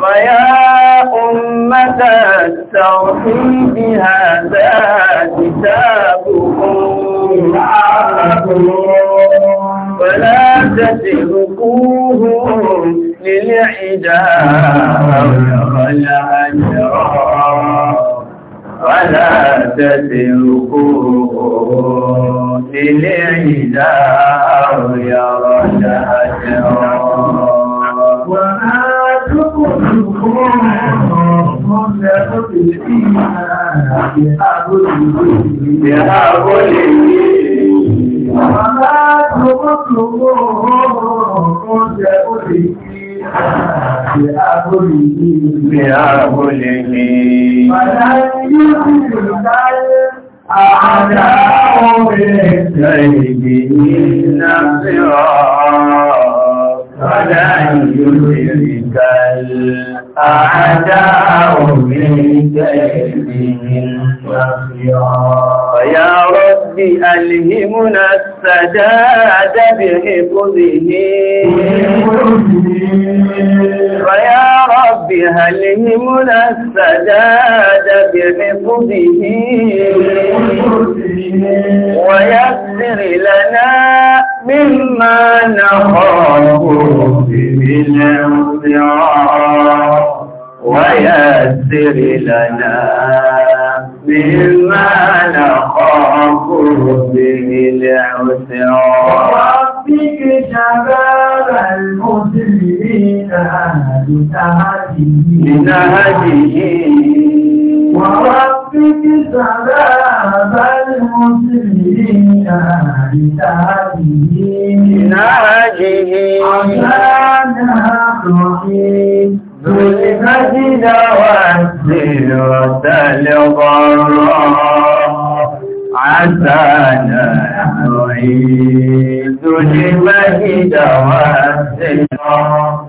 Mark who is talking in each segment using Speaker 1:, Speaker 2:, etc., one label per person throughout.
Speaker 1: فيا أمة استغفي بهذا كتابكم فلا تتركوه للعداء والعجرار Fàlá tẹ́tẹ̀ òkú ilé ìdá àrùyà ọ̀dá àjẹ́ Wọ́n á tó kò tó kó ọ̀rọ̀ mọ́ Ìhàbólè
Speaker 2: yìí, àwọn ará tó
Speaker 1: kọ́ tó kó ọ̀rọ̀ ọ̀rọ̀ ọ̀rọ̀ ọ̀rọ̀ أعداء بالسيد نصرا ولن يدرك الأعداء بالسيد نصرا فيا رب بألهمنا ألهمنا السداد بحفظه ويا رب ألهمنا السداد بحفظه ويسر لنا مما نخاف من الصراع ويسر لنا به ما نخاف به العسر ربك شباب المسلمين بنهجه وربك شباب المسلمين بنهجه عشان نحن سجد والسلوة الغراء عسانا نعيد المجد والسلوة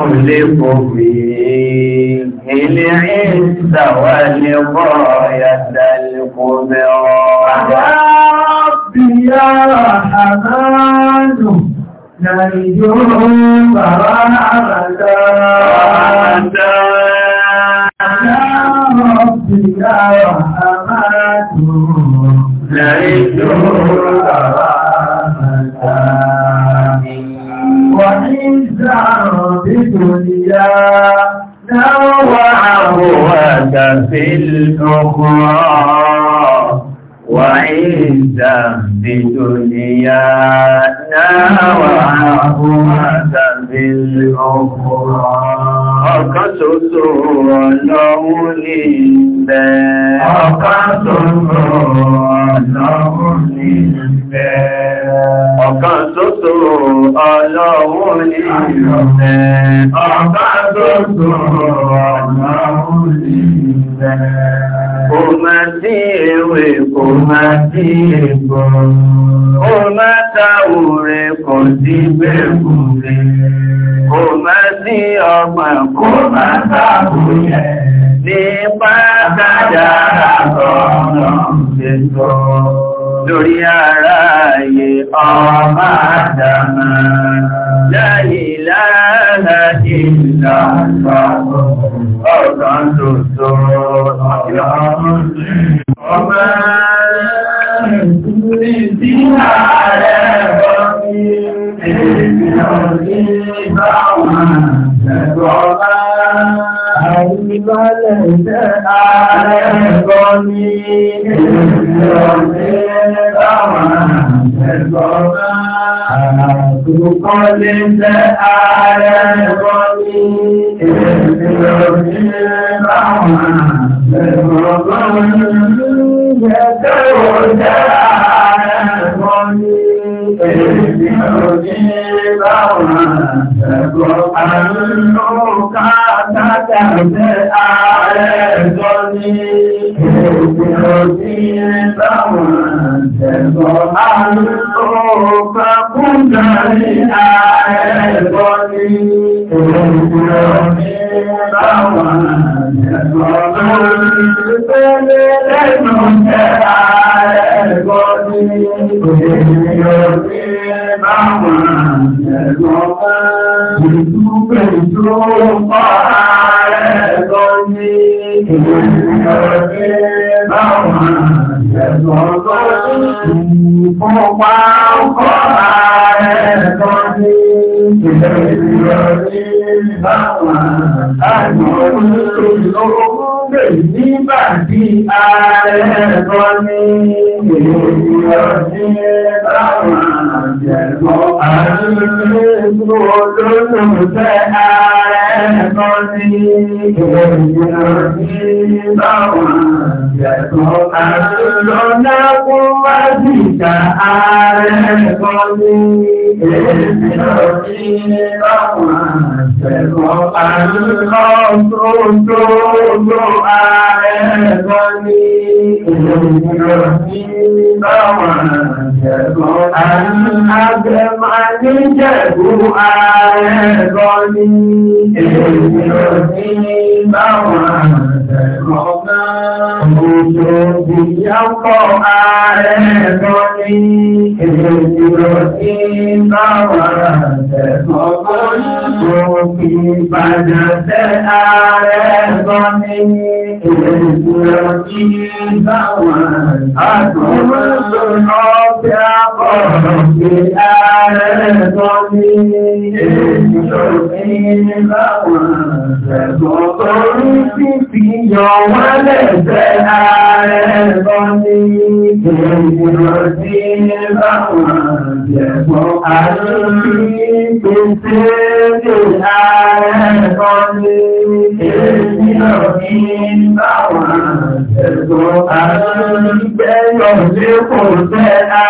Speaker 1: ونملك فيه العز والغاية الكبرى يا ربي يا حنان نرجوهم فرانا عبدا يا ربي يا رحمات نرجوهم فرانا وإذا بدنيا نوعوك في الأخرى وإذا بدنيانا وعهوة بالأخرى Ọ̀kan ṣoṣo ọlọ́run ní ìbẹ̀. Ọ̀kan ṣoṣo
Speaker 2: ọlọ́run ní
Speaker 1: ìbẹ̀. Ọ̀kan ṣoṣo ọlọ́run ní ìbẹ̀. Ọ̀kan ṣoṣo ọlọ́run ní ìbẹ̀. Kò máa dín أمتكم أمة أوركم دبكم أمتي أمكم أتابعي nípa dájára ọ̀nà ìṣẹ́tọ́ lórí ara ayé ọmọ àdámà láìláàlá ìlànà ọ̀pọ̀ ọ̀gá tó sọ ọ̀gá ọ̀gá ìdí ààrẹ bọ́ ní èdè ọ̀gá ìbáwọn ẹ̀gbọ́n Àìbálẹ̀ jẹ́ ààrẹ bọ́ ní èdè ọ̀gá ìbáwọn ẹ̀gbọ́nà àtúkọ́ lè jẹ́ ààrẹ ẹ̀gbọ́n ní ìrìnlẹ̀ nílẹ̀ àwọn ẹ̀gbọ́n jẹ́ ó jẹ́ ààrẹ ẹ̀gbọ́n ní ìrìnlẹ̀ nílẹ̀ àwọn ẹ̀gbọ́n látàtàtẹ́ ààrẹ ẹ̀tọ́ ní èdè òbí báwọn ẹ̀tọ́ alùpùpù kúndà ní ààrẹ ẹ̀tọ́ ní èdè òbí báwọn ẹ̀tọ́ alùpùpù lẹ́nu tẹ́ ààrẹ ẹ̀tọ́ ní èdè òbí láwọn ẹ̀lọ́pá ìlú pẹ̀lú ọ̀pá ẹ̀lọ́ ní ìrìnàjẹ́ láwọn ẹ̀lọ́pá ìfọ́pá ọ̀pá ẹ̀lọ́ ní ìrìnàjẹ́ láwọn ẹ̀lọ́pá pè ní bàbí ààrẹ ẹ̀rọ ní èèyàn ní
Speaker 2: báwọn àjẹ̀mọ́
Speaker 1: àdúgbò olóòtú tẹ́ ààrẹ ẹ̀rọ ní èèyàn ní báwọn àjẹ̀mọ́ àdúgbò náà kó wá sí ìjà ààrẹ ẹ̀rọ ní èèyàn ní báwọn àjẹ̀mọ́ ààrẹ́gbọ́ ní ìrìnlẹ̀
Speaker 2: ní báwọn àjẹ̀gbọ́ àgbẹ̀mà ní jẹ̀gbù ààrẹ́gbọ́ ní ìrìnlẹ̀ ní
Speaker 1: báwọn àjẹ̀gbọ́ náà òjò ìyàpọ̀ ààrẹ́gbọ́ ní ìrìnlẹ̀ ní báwọn àjẹ̀gbọ́ náà I'm tẹ ààrẹ ẹ̀gbọ́n ní èdè ìrọ̀jí báwọn àgbọ̀n Ẹ̀sùn àrùn ìgbẹ́yọ̀ lé kò fẹ́ àà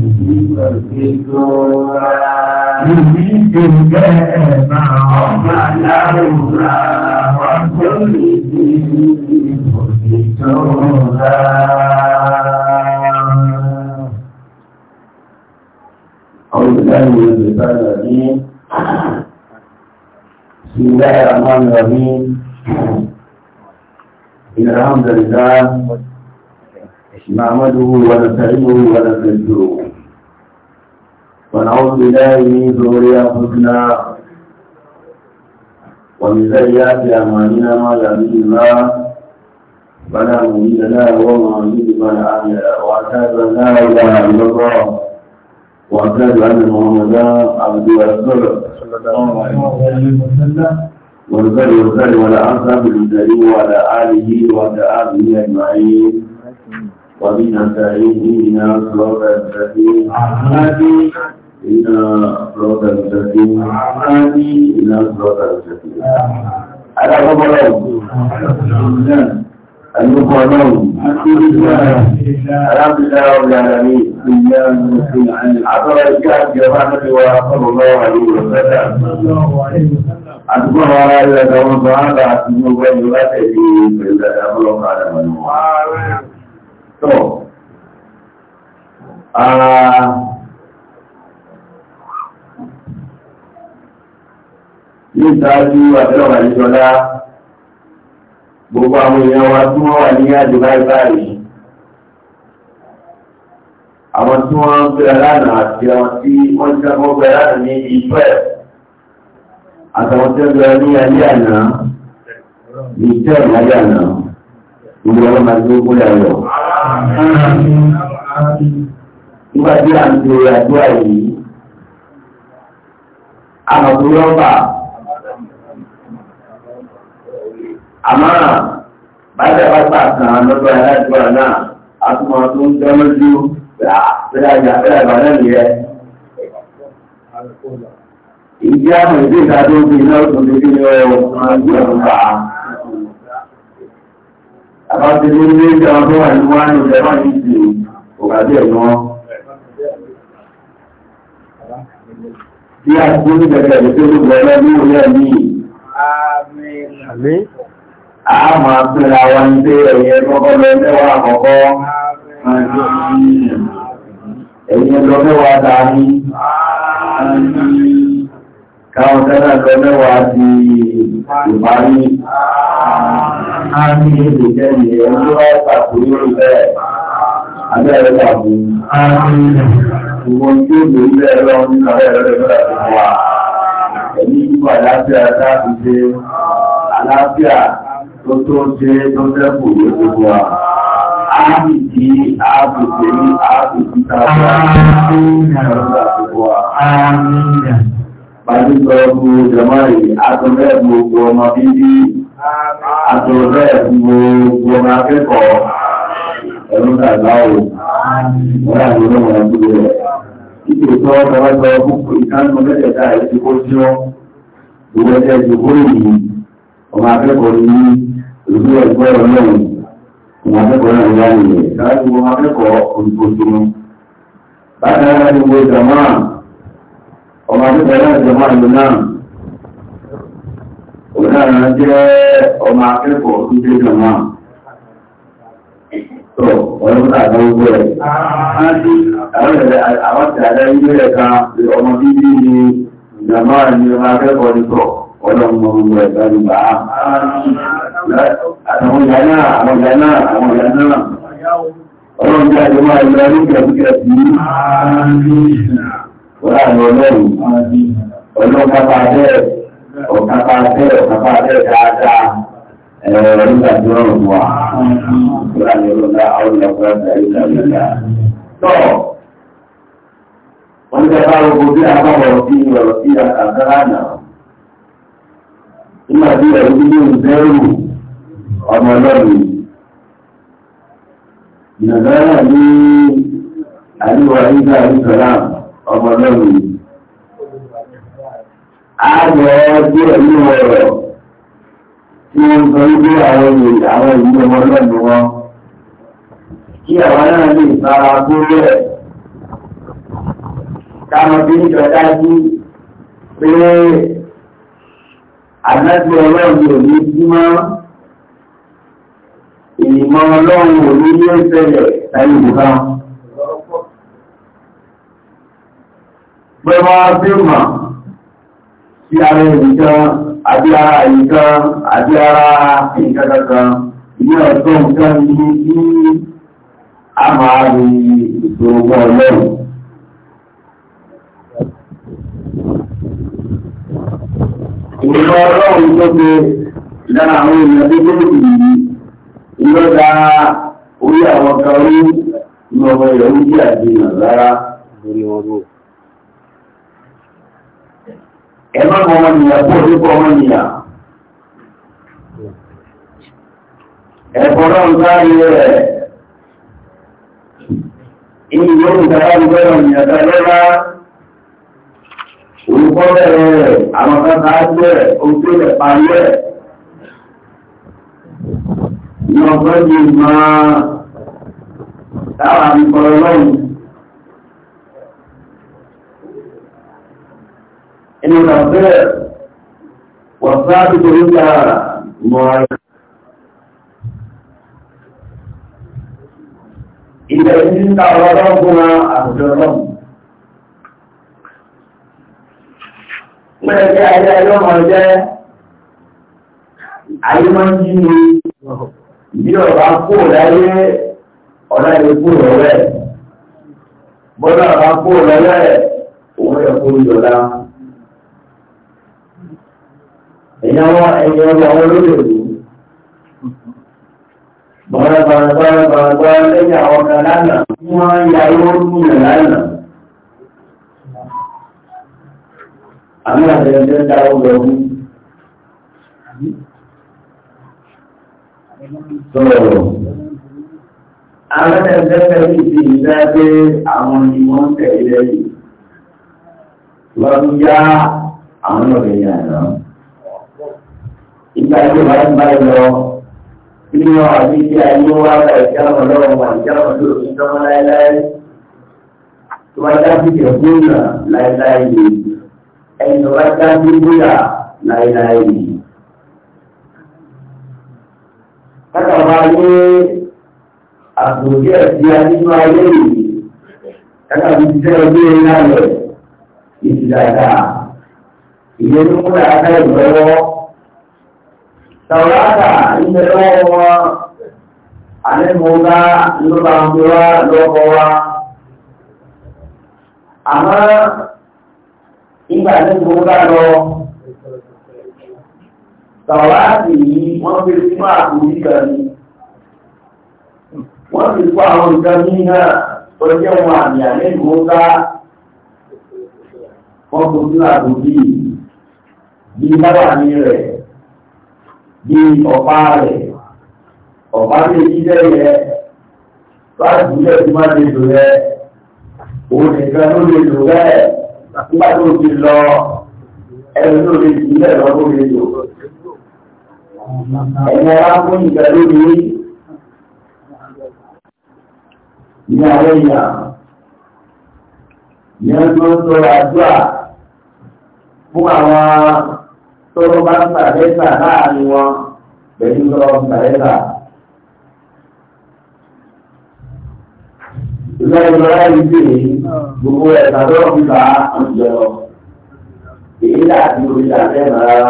Speaker 1: Ìbí ìgbẹ́ ẹ̀mà ọ̀gbà lárúra, wọ́n tó lè dé ìfòsìtòrà. أعوذ بالله من الشيطان الرجيم بسم الله الرحمن الرحيم إن الحمد لله نعمده ونستعينه ونستغفره ونعوذ بالله من شرور انفسنا ومن سيئات اعمالنا ما يهديه الله فلا مضل له وما يضلل فلا هادي له واشهد ان لا اله الا الله واشهد ان محمدا عبده ورسوله صلى الله
Speaker 2: عليه وسلم ونصلي وسلم على اصحاب
Speaker 1: اله وعلى اله وصحبه اجمعين ومن نستعين الى صراط المستقيم إلى أفراد الجسد أعمالي إلى أفراد الجسد على خبرهم المقرنون الحمد لله رب العالمين سيان عن عبر الكهف الرحمة وصلى الله عليه وسلم أذكر على ذلك وصعب أسمه ويغتدي في الأمر على منه. آمين. ní ìsáájú àbẹ́lọ́wà ìjọlá gbogbo àwọn èèyàn wa tí wọ́n wà ní àdìbá ìbáyìí àwọn tí wọ́n ń bẹ̀rẹ̀ lánàá àti àwọn tí wọ́n ń jábọ́ bẹ̀rẹ̀ lánàá ní ìfẹ́ àtàwọn tí wọ́n bẹ̀rẹ̀ ní alẹ́ àná ní ìjẹ́ ìyálẹ́ àná ìlú ọlọ́run àti gbogbo ayọ̀. nígbà tí à ń ṣe àdúrà yìí àmọ̀ tó lọ́pàá àmọ́ bájàbátà kan lọ́dọ̀ aláìsíwá náà a tún máa tó ń dán lójú bẹ́ẹ̀ bá náà yẹ. ìdí àwọn ìdí ìta tó ń fi iná òkun tó kíni ọ máa ń gbé ọ̀run pa.
Speaker 2: àbájá tó ń lé ìjọba tó wà ní wáyé ìjọba ní ìsìn òkà bí ẹ̀ wọn. bí a ti ń gbẹ̀gbẹ̀ lókè lókè ọlọ́dún ìwé ẹ̀mí.
Speaker 1: àmín a máa pínra wa ní pé ẹ̀yẹ kọ́kọ́ lọ mẹ́wàá àkọ́kọ́ ẹ̀yẹ lọ mẹ́wàá dání káwọn tẹ́lá lọ mẹ́wàá di ìparí a ní èdè kẹ́lì ẹ̀yẹ tó bá pàtó lórí bẹ́ẹ̀ abẹ́rẹ́ pàtó gbogbo tí ó lè ilé ẹ̀rọ nínú ẹ̀rọ ẹ̀rọ ẹ̀rọ wa ẹ̀yí pípọ̀ àlàáfíà ṣe àlàáfíà tó tó jẹ́ tó dẹ́kù ní gbogbo wa. Áàbì tí áàbì tí ní áàbì tí tábà ní ọjọ́ gbogbo wa. Bàbí sọ fún ìjọba yìí, àtọ̀lẹ́ gbogbo ọmọ bíbí, àtọ̀lẹ́ gbogbo ọmọ akẹ́kọ̀ọ́, ẹ̀rọ tàgbà ò, wọ́n yà ní ọmọ ẹgbẹ́ rẹ̀. Ìgbè tó ọmọ ẹgbẹ́ ọkùnkùn ìdánimọ̀ mẹ́tẹ̀ẹ̀ta ẹ̀ ti kó sí ọ́, ìwọ́n jẹ́ ìdókòrò ọmọ akẹ́kọ̀ọ́ ní ìlú ẹgbẹ́ ọlọ́run ọmọ akẹ́kọ̀ọ́ náà yá ni rẹ̀ láti ọmọ akẹ́kọ̀ọ́ olùkóso wọn jẹ́ ọmọ akẹ́kọ̀ọ́ tó jẹ́ ìjọmọ́
Speaker 2: tó ọ̀rọ̀ tó àgbà gbogbo ẹ̀
Speaker 1: àwọn ìjọba ilé ẹ̀ka ọmọ bíbí ni ìjọmọ́ ìjọba akẹ́kọ̀ọ́ ní sọ̀rọ̀ ọlọ́mọ gbogbo ẹ̀dá ní bá àwọn ìyá náà àwọn ìyá náà àwọn ìyá náà ọlọ́run jẹ́ àjọ máa yọ ní kẹ̀kẹ́ sí
Speaker 2: láàrin
Speaker 1: ọlọ́run ọlọ́run kápá bẹ́ẹ̀ ọ̀kápá bẹ́ẹ̀ ọ̀kápá bẹ́ẹ̀ dáadáa ẹ̀rọ nígbà tí wọ́n rùn wá láàrin ọlọ́run àwọn ìyàwó ẹ̀dá ìlànà tọ́ wọ́n jẹ́ bá gbogbo bí a bá wọ̀ sí ọ̀rọ̀ nígbà tí ẹ̀rù bí lóun bẹ́rù ọmọ ọlọ́run ìnàdára ní àríwá ìgbà ìsọ̀lá ọmọ ọlọ́run àgbọ̀ tí ẹ̀mí ọ̀rọ̀ tí wọ́n sọ wípé àwọn àwọn ìlú ọmọ ọlọ́run wọn kí àwọn náà lè fara kúrò ẹ̀ káwọn bí ń dájú pé àdájọ́ ọlọ́run ò ní símọ́ ìmọ̀ ọlọ́run ò ní yóò ṣẹlẹ̀ láyé ìbùká pẹ̀lú abẹ́mà sí ara ìrìnkan àbí ara ìrìnkan àbí ara ìrìnkankan ilé ọ̀tọ́ nǹkan ní kí a máa rí ìṣòro ọlọ́run ìgbà ọlọ́run tó ṣe lára àwọn èèyàn tó tó lòdì yìí ìlọ́ da orí àwọn kan rí ní ọmọ ìyàwó tí àti ìyàn rárá lórí wọn rò. ẹ má mọ ọmọnìyàn kó o dépọ̀ ọmọnìyàn. ẹ̀fọ́ náà ń sáré rẹ̀ ìyóò ń sábà ń gbọ́dọ̀ ìyàn dáadáa olùkọ́ bẹ̀rẹ̀ rẹ̀ àwọn kan sáájú rẹ̀ ojú rẹ̀ parí rẹ̀ ní ọgbọ́n ní ìmọ̀ táwà ní kọ̀rọ̀ lọ́rùn inú kàfẹ́ wọ̀sáàbí torí ta mọ̀ ilẹ̀ ìdíta ọlọ́gbọ́n àtọ̀jọ́ lọ́rùn Mọ́lẹ̀ jẹ́ ẹ̀jẹ́ ẹlọ́mọ jẹ́ àyímọ́jí ni bí ọba kó láyé ọ̀nà ìlú rẹ̀. Bọ́lá ọba kó lọ́lẹ̀ òun yẹ kó yọ̀lá. Ìyáwó ẹ̀yẹ ọba wọn ló lè wù. Bọ́lá bàbá bàbá lẹ́yìn àwọn kan lánàá. Wọ́n yà yóò kú lánàá. àmì àtẹ̀lẹ́tẹ̀ ń dáwọ́ lọ fún. Sọ̀rọ̀ alẹ́tẹ̀lẹ́tẹ̀ sì ti ìfẹ́ pé àwọn ni wọ́n tẹ̀lé yìí. Lọ́dún yá àwọn ọ̀rẹ́ yà náà. Ìgbà tí wọ́n bá ń lọ nínú àbí tí ayé wá bá ìjáwọn lọ́wọ́ wà ìjáwọn tó fi jọmọ láéláé. Tó wá dábìtì ọ̀gbọ́n náà láéláé yìí ẹni tó bá já sí bóyá láéláé yìí. Kákà bá yé àtòjú ẹ̀sí adínú ayé yìí, kákà bí tẹ́ ọdún yẹn náà lẹ̀, ìsì dáadáa. Ìyẹn ló múlẹ̀ aká ìrọ̀lọ́wọ́. Tàwọ́láta ń bẹ lọ́wọ́ wọn, àlẹ́mọ̀ọ́gá ló bá ń gbé wá lọ́kọ̀ wa. Àmọ́ nígbà tí mo bá lọ sàwáàtì yìí wọ́n fi fún àkùnrin kan ní wọ́n fi fún àwọn nǹkan náà tó wọn àmì àmì ìmúta wọ́n kò sí àkùnrin bí bábà ní rẹ̀ bí ọ̀pá rẹ̀ ọ̀pá tí èyí jẹ́ bá jùlẹ̀ má lè lò rẹ̀ òun nìkan ló lè lò rẹ̀ nígbà tó ti lọ ẹni tó lè jù lẹ̀ lọ́gbọ́n lè lò. Ẹ̀yin ara fún ìgbà lónìí ní àwọn èèyàn ní ọjọ́ tó àdúrà fún àwọn tó bá ń tàbẹ́tà láàrin wọn pẹ̀lú lọ́ọ́ tàbẹ́tà. ìgbẹ́jọ́ láyé dè é gbogbo ẹ̀ka lọ́wọ́ fi bá ọ̀jọ̀ lọ. èyí láti orí àtẹ́mọ̀ rárá.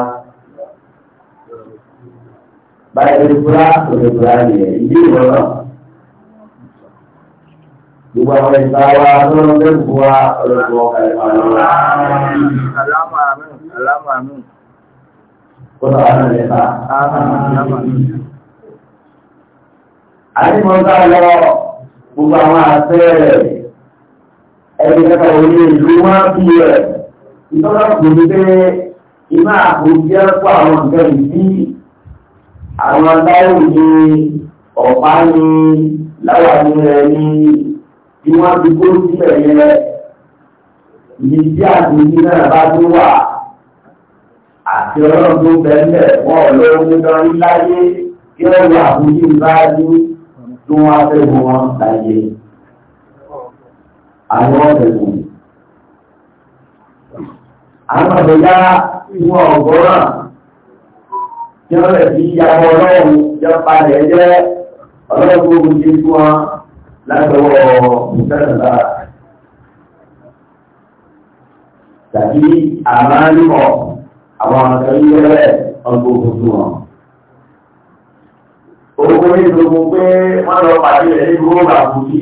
Speaker 1: báyìí ló fura òde fura yẹ ìdí ìwọ náà. gbogbo àwọn ìta wa lọ́wọ́ fẹ́ bu wa ọlọ́dún ọkà gbogbo àwọn àṣẹ rẹ̀ ẹni kẹta orí ìlú máa bí rẹ̀ ìtọ́lá gbòmí pé iná àkójẹ́ pọ̀ àwọn nǹkan ìdí àwọn adáwò ní ọ̀pá ní láwà ní rẹ̀ ní bí wọ́n ti kó sílẹ̀ yẹn ní tí àkójí náà bá tó wà àti ọlọ́run tó bẹ̀ẹ́ wọ́n lọ́wọ́ nítorí láyé kí ọ̀rọ̀ àkójí bá dúró tó wá fẹ́gun wọn láyé àwọn ọ̀fẹ́gun. Àwọn ọ̀fẹ́gá ìwọ ọ̀gọ́ràn tí wọ́n rẹ̀ sí ìyàwó ọlọ́run jẹ́ palẹ̀ jẹ́ ọlọ́run ogun ti fún wọn látọwọ́ ìfẹ́lẹ̀lá. Tàbí àmàlùmọ̀ àwọn akẹ́yẹ́rẹ́ ọgbọ̀gbọ̀ fún wọn. Òkú ní gbogbo pé wọ́n lọ pàdé rẹ̀ ní gbogbo àbò bí.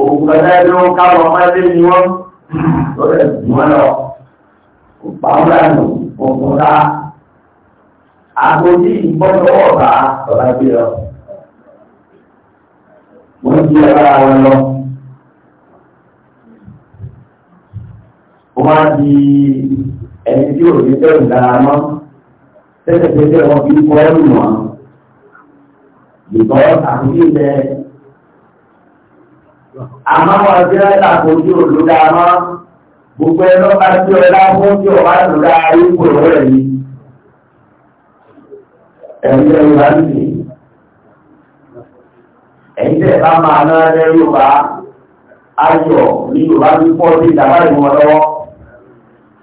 Speaker 1: Òkú kẹta ló ń ká lọ máa lé ní wọ́n. Lọ́dẹ̀ jù wọ́n lọ. Òpá ń rà nù òkú rà. Àgbòjì ìgbọ́dọ̀ ọ̀bà ọ̀bá gbé lọ. Wọ́n jí ara wọn lọ. Wọ́n di ẹni tí ò ní bẹ́ẹ̀ dára mọ́. Tẹ́tẹ̀tẹ́tẹ́ wọn fi kọ́ ẹ̀rù wọn ìbọn àkójú rẹ àmọ́ wọn jẹ́ àkójú òlúdà mọ́ gbogbo ẹ̀rọ bá tí ọlá fún tí ọ̀wá lòlá ipò rẹ̀ ni ẹ̀yìn Yorùbá nìyí ẹ̀yìn tẹ̀ bá máa ná ẹ̀rọ Yorùbá ayọ̀ ní Yorùbá ní pọ́ sí ìjàmbá ìwọ̀n lọ́wọ́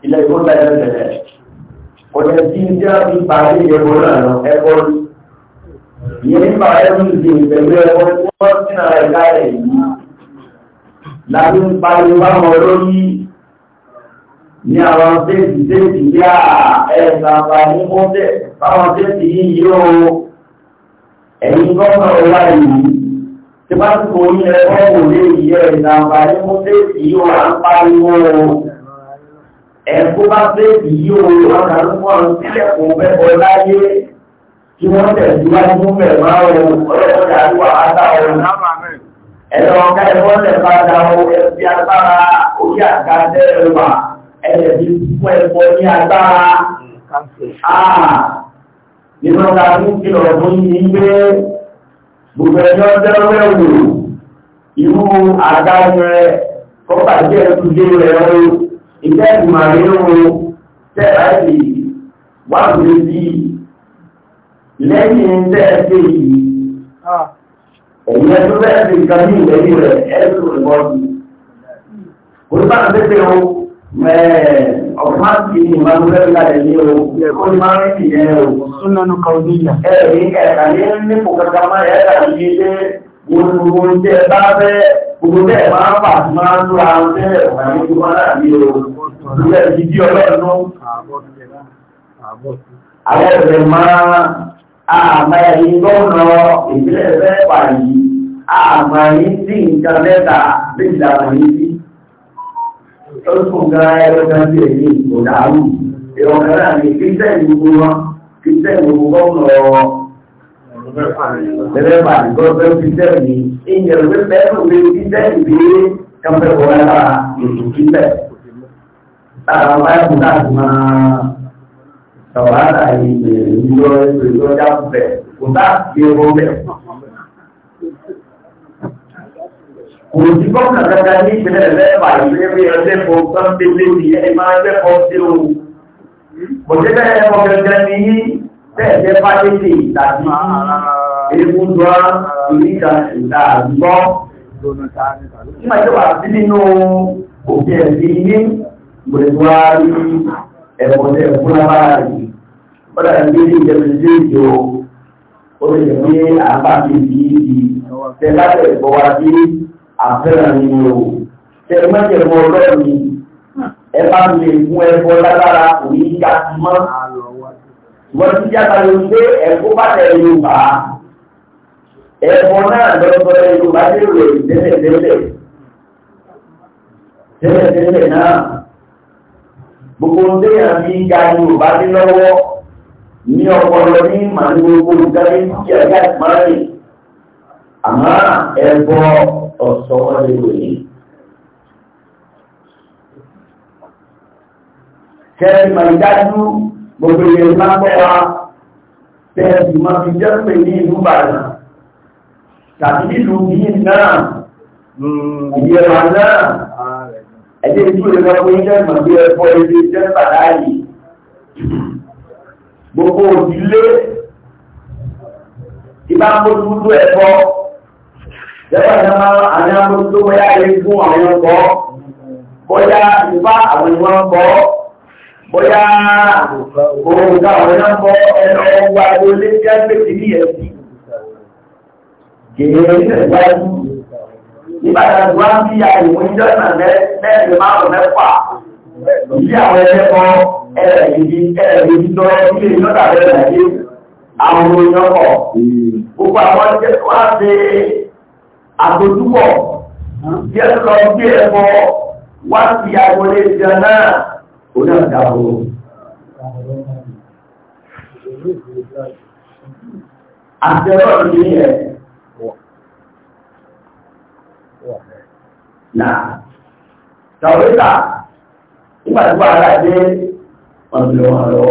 Speaker 1: ilẹ̀ ìwọ̀n tẹ̀lẹ̀ tẹ̀lẹ̀ kò jẹ́ sí ní jẹ́ ìpàdé ìyẹ̀wò náà lọ ẹ̀kọ́ ní ìyẹn nípa ẹ̀rù ìdè pẹ̀lú ẹ̀wọ́ tí wọ́n sínà rẹ̀ láàrẹ̀ yìí láti ń pariwo báwọn olórí ní àwọn tẹ́ẹ̀tì tẹ́ẹ̀tì bí a ẹ̀sà àǹfààní mọ́tẹ̀ báwọn tẹ́ẹ̀tì yìí yóò ẹ̀yìn gọ́ọ̀nà ọ̀la yìí tí bá ti kò ní ẹ̀kọ́ kò lè yí ẹ̀sà àǹfààní mọ́tẹ̀ yìí wà ń pariwo ẹ̀kọ́ bá tẹ́ẹ̀tì yìí wọ́n ń fọ́n sílẹ̀ kò bẹ́ẹ̀ ọláyé kí wọ́n tẹ̀síwájú fún bẹ̀rẹ̀ máa wọ ọlọ́pàá àdúrà àtà ọ̀rọ̀. ẹ̀rọ ọ̀gá ẹ̀fọ́ lẹ̀ bá da ẹ̀fí agbára orí àga dẹ́rẹ̀wà ẹ̀fí fún ẹ̀fọ́ ní agbára. Ah. nínú ọ̀gá tó ń kìlọ̀ fún yìí ní pé gbogbo ẹjọ́ dẹ́rẹ́wò irú àga rẹ̀ kọ́pà jẹ́ ẹ̀kúndé rẹ̀ o ìgbẹ́ ìgbìmọ̀ rẹ̀ o tẹ́lá lẹ́yìn tẹ́ẹ̀tẹ́ yìí ẹ̀yìn ẹ̀tọ́ tẹ́ẹ̀tẹ́ kan ní ìlẹ́yìn rẹ̀ ẹ̀ẹ́sùn ìbọ́sù olùbára tẹ́tẹ́ o ọ̀fán ti ní ìmọ̀lúwẹ́lá rẹ̀ ní o kó ní máa ń rìn ìyẹn o súnánú kàwọ́díyà ẹ̀rí ẹ̀ka ní nípò kankan máa yẹ ẹ̀ka ní ilé gbogbo tẹ́ bá fẹ́ gbogbo tẹ́ máa ń fà máa ń lọ àwọn tẹ́ ọ̀gá ní gbogbo náà ní o ìlú àmà ẹ̀yìn gómìnà ìpínlẹ̀ fẹ́ pà yìí àmà yìí sí nǹkan mẹ́ta méjìlá àmà yìí sí ó sùn gan ẹgbẹ́ kan sí èyí kò dàrú ìrọ̀kan náà ní kírísẹ́ ìgbogbo wọn kírísẹ́ ìgbogbo gómìnà Bẹ̀rẹ̀ bá gbọ́dọ̀ kírísẹ́ ní ìyẹn rẹ̀ bẹ́ẹ̀ tàwárà ìgbè ìlú ẹgbẹ̀ tó dábẹ̀ kò bá gbé ọbẹ̀. kò sí gómìnà kankan ní ìpínlẹ̀ lẹ́fà ìlérí ẹlẹ́fọ́ sọ́ńdélé ní ẹ máa lẹ́fọ́ sí o kò sí bẹ́ẹ̀ ẹ̀fọ́ kankan ní yí bẹ́ẹ̀ jẹ́ pàdéjì ìtàkì ewu dọ́ ìríkà ìta àgbọ́. nígbà tí wàá sí nínú òkè ẹ̀sìn yín gbèrú wa ẹ̀wọ̀n tẹ̀ fún abára rẹ̀ bọ́dà ń gbé ìjẹ́ mi lé ìjọ ó lè jẹ́ pé àbá mi bí ibi tẹ lábẹ́ ẹ̀kọ́ wa sí àfẹ́ràn ni o tẹ mọ́jẹ̀mọ́ ọlọ́ọ̀ni
Speaker 2: ẹ bá mi lè fún ẹbọ lágbára kò ní í já sí
Speaker 1: mọ́ wọ́n ti já tayọ pé ẹ̀kọ́ bá tẹ̀ Yorùbá ẹbọ náà lọ́sọ̀rọ̀ Yorùbá dé rẹ̀ tẹ́lẹ̀ tẹ́lẹ̀ náà gbogbo ń tẹ́yà bí ga yorùbá ní lọ́wọ́ ní ọpọlọ ní màálù gbogbo ìdájọ́ ìdíje ẹ̀ka ìmọ̀ràn àmọ́ ẹ̀bọ ọ̀sọ̀ ọ̀lẹ́wò yìí. kẹ́rin màlúdájú gbogbo ìyẹn máa pẹ́ wa tẹ́ẹ̀sì máa fi jẹ́ ní ìlú Ìbàdàn tàbí nílùú yìí náà hmm, ìyẹ̀wà náà ẹ̀jẹ̀ ìtú lè fún iṣẹ́ ìmọ̀ bí ẹ̀fọ́ ẹ̀jẹ̀ iṣẹ́ pàdáyì gbogbo òdílé ìbá mójútó ẹ̀fọ́
Speaker 2: jẹ́pọ̀ ní àwọn amójútó bóyá eégún àwọn ọkọ̀ bóyá
Speaker 1: ìfá àwọn ìwọ̀n ọkọ̀ bóyá òǹkà àwọn ọkọ̀ ẹ̀rọ ọgbà tó lé jẹ́ Ìbàdàn tó wá ń bí àìwọ̀n ìjọ ìmọ̀ mẹ́rin márùn-ún mẹ́fà. Ìdí àwọn ẹgbẹ́ kan ẹ̀rẹ̀gidi ẹ̀rẹ̀gidi tó ẹgbẹ́ ìjọ́dà rẹ̀ láyé àwọn olóyọ́kọ̀. Gbogbo àwọn ẹgbẹ́ wá ṣe àtòjúbọ̀ bí ẹ lọ gbé ẹ̀kọ́ wá sí agbolé ìjọ náà ó náà dàbò. Àtẹ̀rọ̀ ní ẹ̀ là tàwéta nígbà tí wàhálà dé ọ̀dọ̀ ọ̀rọ̀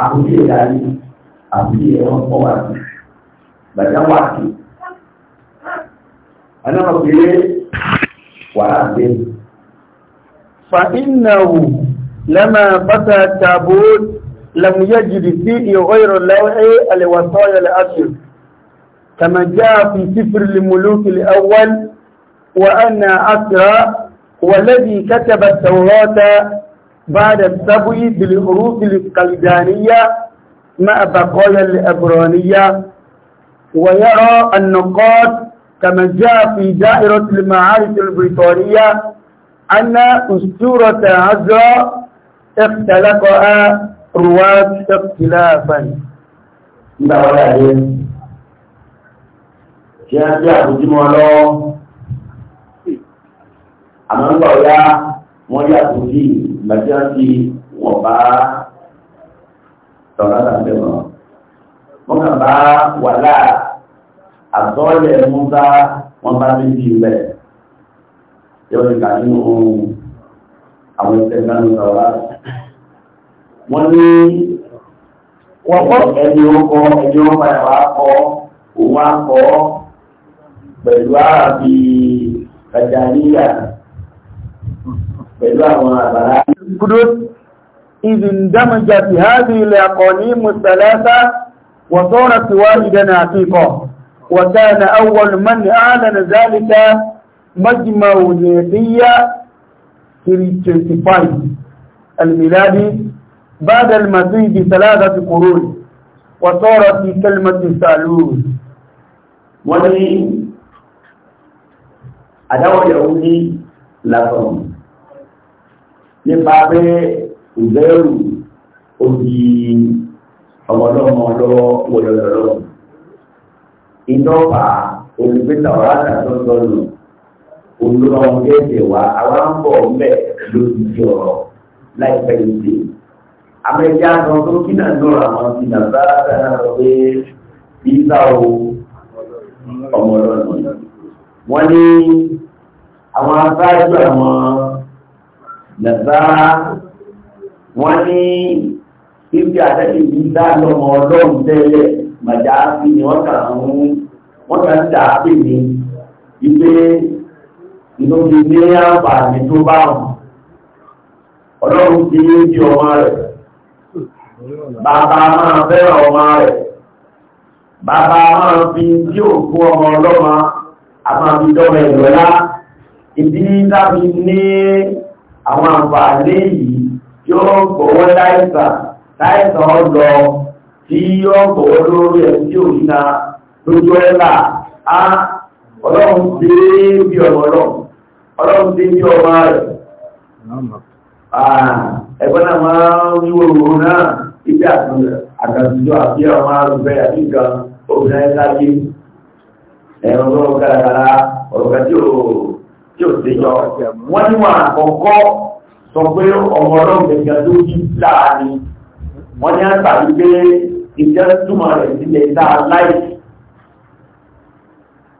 Speaker 1: àkùdí ìdájí àkùdí ẹ̀wọ̀n pọ̀ wà sí gbàjá wà sí ọ̀nà pé wàhálà dé. فإنه لما فتى التابوت لم يجد فيه غير لوح الوصايا العشر كما جاء في سفر الملوك الأول وأن أسرى هو الذي كتب التوراة بعد السبع بالحروف القلدانية مع بقايا العبرانية ويرى النقاط كما جاء في دائرة المعارف البريطانية أن أسطورة عزرا اختلقها رواة اختلافا. نعم، àmọ́ ń gbà ọ̀yá wọ́n yàtọ̀ sí ìgbàjá sí wọ́n bá tọ̀rọ̀ àtàbẹ̀ wọn. wọ́n kàn bá wà láà àtọ́lẹ̀ múta wọ́n bá ní bí ilẹ̀ yóò ní kàní ohun àwọn ẹgbẹ́ náà ń sọ̀rọ̀ wọ́n ní wọ́n kọ́ ẹni ọkọ ẹni ọkọ ẹ̀ kọ́ òun á pẹ̀lú àbí kàjàníyà pẹ̀lú àwọn àbàrá. kúrò ìdìndámọ̀jà ti ha bí ilẹ̀ àkọ̀ní عتيقا وكان أول من أعلن ذلك مجمع نيبية 325 الميلادي بعد المسيح بثلاثة قرون وصارت في كلمة سالون ولي أدوى يهودي لكم nípa pé ìbẹ́rù òbí ọmọdọ́mọ lọ́wọ́ wọlọ́lọ́lọ́ ìdọ́fà olùgbéta ọ̀rá àtàtọ́ sọ́nù olùrọ̀ gẹ́gẹ́ wa àwọn ń bọ̀ mẹ́ lórí ti ọ̀rọ̀ láìpẹ́ ìdè amẹ́jẹ́ àtọ́ tó kí náà lọ́rọ̀ àwọn ti nà bá dáná lọ pé bíbá o ọmọdọ́mọ wọ́n ní àwọn abájọ́ àwọn nàzàrà wọ́n ní fífi àtẹ́kì yìí dá lọ́mọ ọlọ́run tẹ́lẹ̀ màjá sí ni wọ́n kà ń wọ́n kà ń dà á pè ní wípé inú mi ní àǹfààní tó bá wọn ọlọ́run ti ní di ọmọ rẹ̀ bàbá máa fẹ́ràn ọmọ rẹ̀ bàbá máa fi tí ò fún ọmọ ọlọ́mọ àmàbídọ́mọ ìlọ́lá ìdí ní àwọn àǹfààní yìí yóò gbowó láìsàn láìsàn ọ̀dọ̀ tí yóò gbowó lórí ẹ̀ tí ò ní na lójú ẹ̀là á ọlọ́run dé bí ọmọ ọlọ́run ọlọ́run dé bí ọmọ rẹ̀ ẹgbẹ́ náà máa ń ní òwúrò náà ibi àtàtúndọ̀ àbí ọmọ arúgbẹ́ àbí nǹkan obìnrin láyé ẹ̀rọ ọlọ́run kárakára ọ̀rọ̀ kàtí òòrùn tí ò sí yọ wọ́n ní wọn àkọ́kọ́ sọ pé ọmọ ọlọ́run gẹ̀gẹ̀ tó yí láàrin wọ́n ní àtà wípé ìjẹ́ túmọ̀ rẹ̀ sílẹ̀ dá láì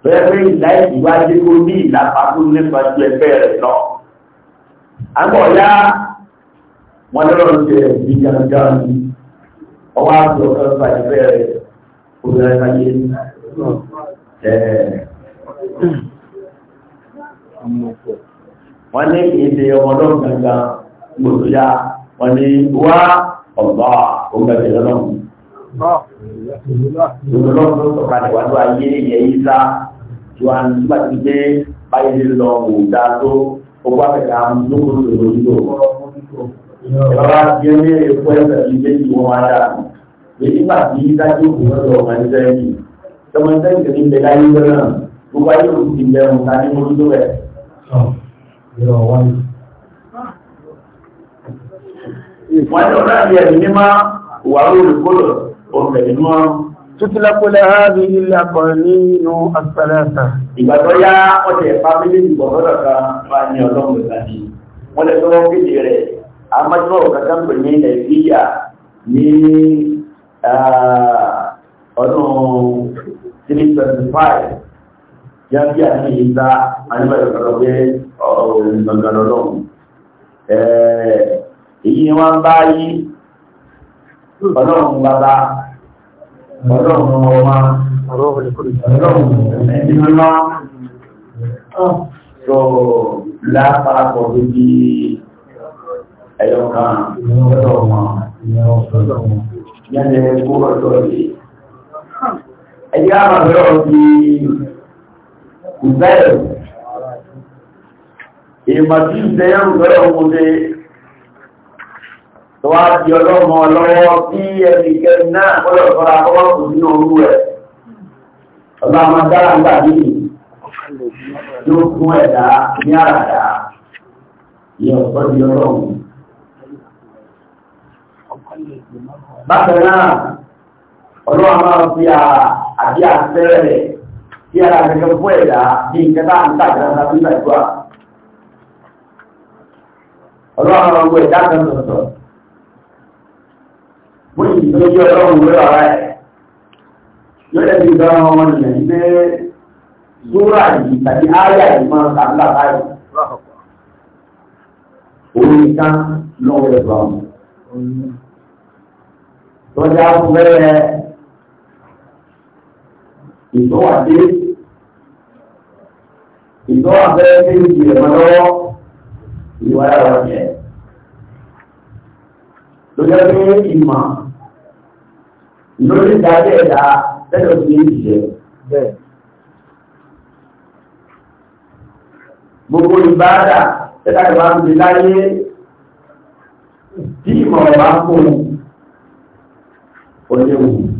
Speaker 1: bẹ́ẹ̀ pé ìláì ìwádìí kó ní ìlàpá tó nípa ju ẹgbẹ́ rẹ̀ lọ. àgbọ̀yá wọn lọ́rọ̀ ṣe ẹ̀bí gangan ni ọwọ́ àti ọ̀kan wọ́n ní ìdè ọmọdún gangan gbogbo ya wọ́n ní wá ọ̀gbà ògbàgbẹ̀ lọ́lọ́run lọ́lọ́run tó sọ̀kalẹ̀ wá tó ayé yẹ ìsá tí wọ́n ti bá ti gbé báyìí lọ wò dá tó ọgbà kẹta lóko lòlò nílò ìbára ti ẹ ní epo ẹsẹ̀ ti gbé tí wọ́n máa dà èyí bá ti yí dájú òkú lọ́dọ̀ ọmọ ẹ̀ńtẹ́ẹ̀kì ọmọ ẹ̀ńtẹ́ẹ̀kì ti bẹ̀ láyé lọ́nà gbogbo ayé òkú Wọ́n yóò rẹ̀ ẹ̀mí máa wà lórí gbọ́lọ̀ ọ̀fẹ́ inú ọrùn. Tútílápólẹ̀ ààbí ilé akọ̀ nínú àtàlẹ́ta. Ìgbàtọ̀ yá ọdẹ̀ fámílì ìgbọ̀lọ́dọ̀ kan wà ní ọlọ́run ìgbàdí. Wọ́n lẹ́ tọ́wọ́ kéde rẹ̀, a mọ́jọ́ ọ̀kankan pè ní Nàìjíríà ní ah, ọdún 325 jábí àti ìta anígbàdàgbàdà pé ọ̀rọ̀ gbàgbàdà lọ́wọ́ èyí ni wọ́n bá yí ọlọ́run bàbá ọlọ́run ọmọ ọlọ́run ẹni mímọ́ tó lápapọ̀ tó di ẹ̀yọkan lọ́dọ̀
Speaker 2: wọn
Speaker 1: yẹn lè kó ọjọ́ yìí ẹ̀yà àwọn ọ̀rọ̀ bíi Ìbẹ́rẹ̀. Èèmà tí ń tẹ yẹn rẹ̀ ọmọdé tó wá di ọlọ́mọ lọ́wọ́ tí ẹnìkẹ́ náà kọ́lọ̀ fọ́ra kọ́wọ́ kò ní orú ẹ̀. Ọlá máa dára ń gbàdí yóò fún ẹ̀dá ní àràdá Bákan náà, ọlọ́run máa fi àbí àfẹ́rẹ̀ yára gẹ́gẹ́ fún ẹ̀dá bí nǹkan tá à ń tàjà lábí ìgbàgbọ́ ọlọ́run ọgbọ́ ẹ̀dá kan sọ̀tọ̀ bó ti tó yí ọlọ́run lórí ọ̀rá ẹ̀ yóò lẹ́bi ìdánwò ọmọ nìyẹn ní pé zúrà yìí tàbí áyà yìí máa ń tàbí làbáyé òun nìkan lọ́wọ́ ẹ̀dọ́ àwọn tọ́jà fún bẹ́ẹ̀ ìtọ́wà dé ìtọ́wà bẹ́ẹ̀ dé ìdí ẹ̀mọ́ lọ́wọ́ ìwà ẹ̀rọ yẹn tó jẹ́ pé ìmọ̀ lórí ìdájọ́ ẹ̀dá lẹ́yìn òsì ìjẹ́ bẹ́ẹ̀. gbogbo ìbáradà tẹ́lá ìwà ń bi láyé tí ìmọ̀ ọ̀bá kún un ó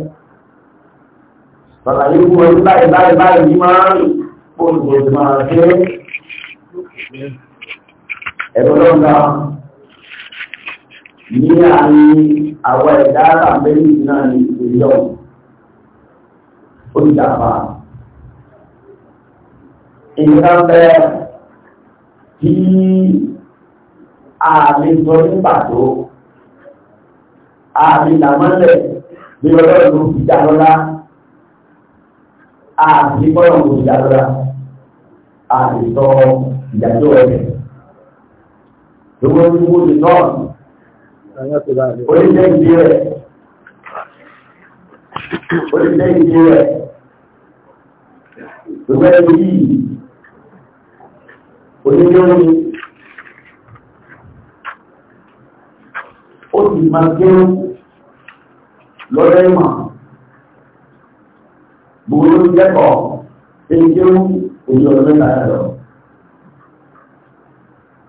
Speaker 1: Àlàyé fún ẹni báyìí báyìí báyìí ní máa ń rìn, ó ti bọ̀ sí máa ṣe. Ẹ̀rọ lọ́gbà ní àárín àwọn ẹ̀dá àbẹ́yìn náà ní ìpínlẹ̀ ọ̀hún. Ó ti dàbà. Ìgbà bẹ́ẹ̀ tí àmì sọ ní pàtó, àmì làmọ́lẹ̀ bí ọlọ́run ti dá lọ́lá àti bọ́lá kò sí àdúrà àti sọ ìdájọ́ ẹ̀rẹ̀. Gbogbo tí mo lè náà, oríṣẹ́ ìdí rẹ̀, oríṣẹ́ ìdí rẹ̀, gbogbo ẹni yìí, oníṣẹ́ omi, ó sì máa gé lọ́rẹ́ ìmọ̀ olùjẹ́kọ̀ọ́ èyí tí ó òní ọdún mẹ́ta yà lọ.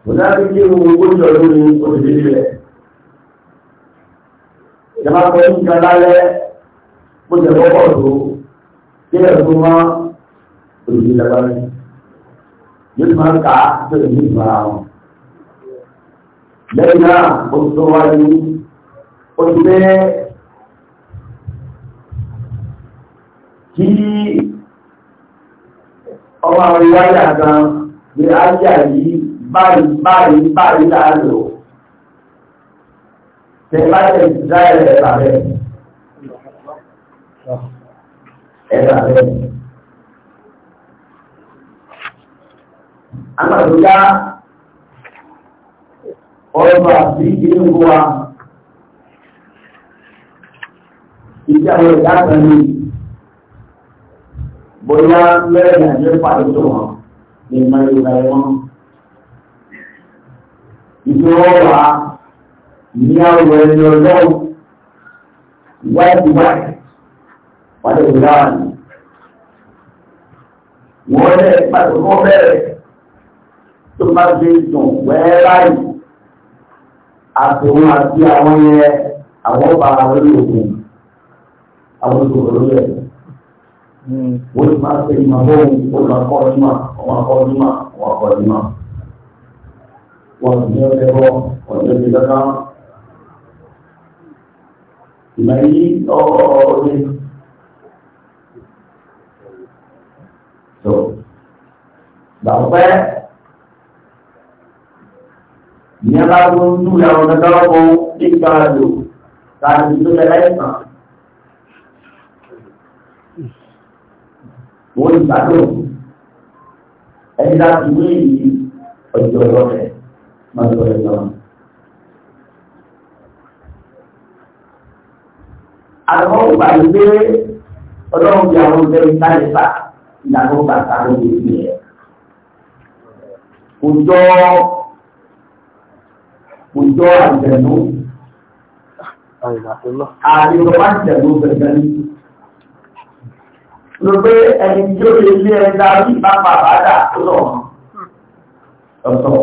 Speaker 1: Mo dá bí kí ohun ogójì ọdún ni ó ti dé rẹ̀. Ìjọba kọ ní nǹkan lálẹ́ mo jẹ kọ́kọ́ tó kí ẹ̀ tó mọ́ òṣèlú ìjọba rẹ̀. Yóò ti máa ń kà tó lè ní ìfara wọn. Lẹ́yìn náà, oṣù tó wáyé, oṣù bẹ́ẹ̀ kí ọmọ ìwáyà kan bí a jà yìí báyìí báyìí báyìí láàrò tẹ̀láyẹ̀ ìdáyẹ̀ ẹ̀bà rẹ̀ ẹ̀bà rẹ̀ amàdúgá ọ̀rọ̀ àti ìgbìyànjú wa ìjà àwọn ìdá kan ní bóyá mẹ́rin àti pàdé tó wọn lè mọ ìgbà ẹ̀wọ̀n. Ìṣòro wà ní àwọn ẹni ọlọ́run wáìtìwá wáyé ìdáwàní. Wọ́n lẹ̀ pàtó wọ́n bẹ̀rẹ̀ tó bá gbé sùn wẹ́ẹ́ láì àtòun àti àwọn yẹn àwọn bàbá lórí òkun àwọn ìṣòro lórí ẹ̀sìn wọ́n ti máa ṣe ìmọ̀ bóun wọ́n máa kọ́ ọdún máa wọ́n máa kọ́ ọdún wọ́n ti ní ọjọ́ bọ́ ti dáná. ìmọ̀ yìí ọ̀ọ́ ọdún. tó gbàgbẹ́ ìyẹn bá tó ń dúró àwọn ọ̀dọ́ ọ̀gbọ́n nígbà lò láti tó yẹ láìsàn. wọ́n ìgbàdùn ẹni láti wí ìlú ọjọ́ ọlọ́rẹ̀ máa lọ ẹ̀ lọ. Àwọn ọgbà yìí pé ọlọ́run bí àwọn ọgbẹ́ ìtàlẹ́fà ìlànà ọgbà táwọn ọgbà yìí yẹ. Òjò òjò àjẹ̀nú
Speaker 2: àìlàkúnlọ́.
Speaker 1: Àìlàkúnlọ́ bẹ̀rẹ̀ ló pé ẹni tí ó lè lé ẹ darí bá pa bàdà tó lọ ọ̀tọ̀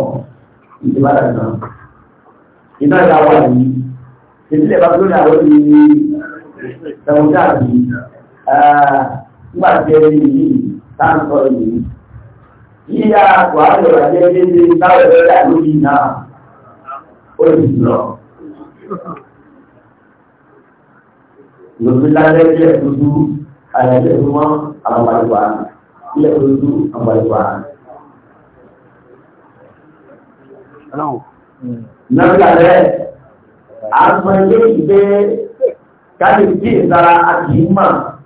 Speaker 1: ìdíbàdà náà iná ìyá wà ní ìdílé bá tó ní àwọn ní ìdàmúdà ní nígbà tí ẹni yìí táǹsọ yìí yíyá wàhálà ọ̀rọ̀ ajé dédé táwọn ẹ̀rọ rẹ̀ lórí náà ó lè lọ. Lòmí lálẹ́ jẹ́ dúdú ada di rumah alam bantuan tidak perlu bantuan Hello. Nabi ada apa ini kita kali ini cara agama.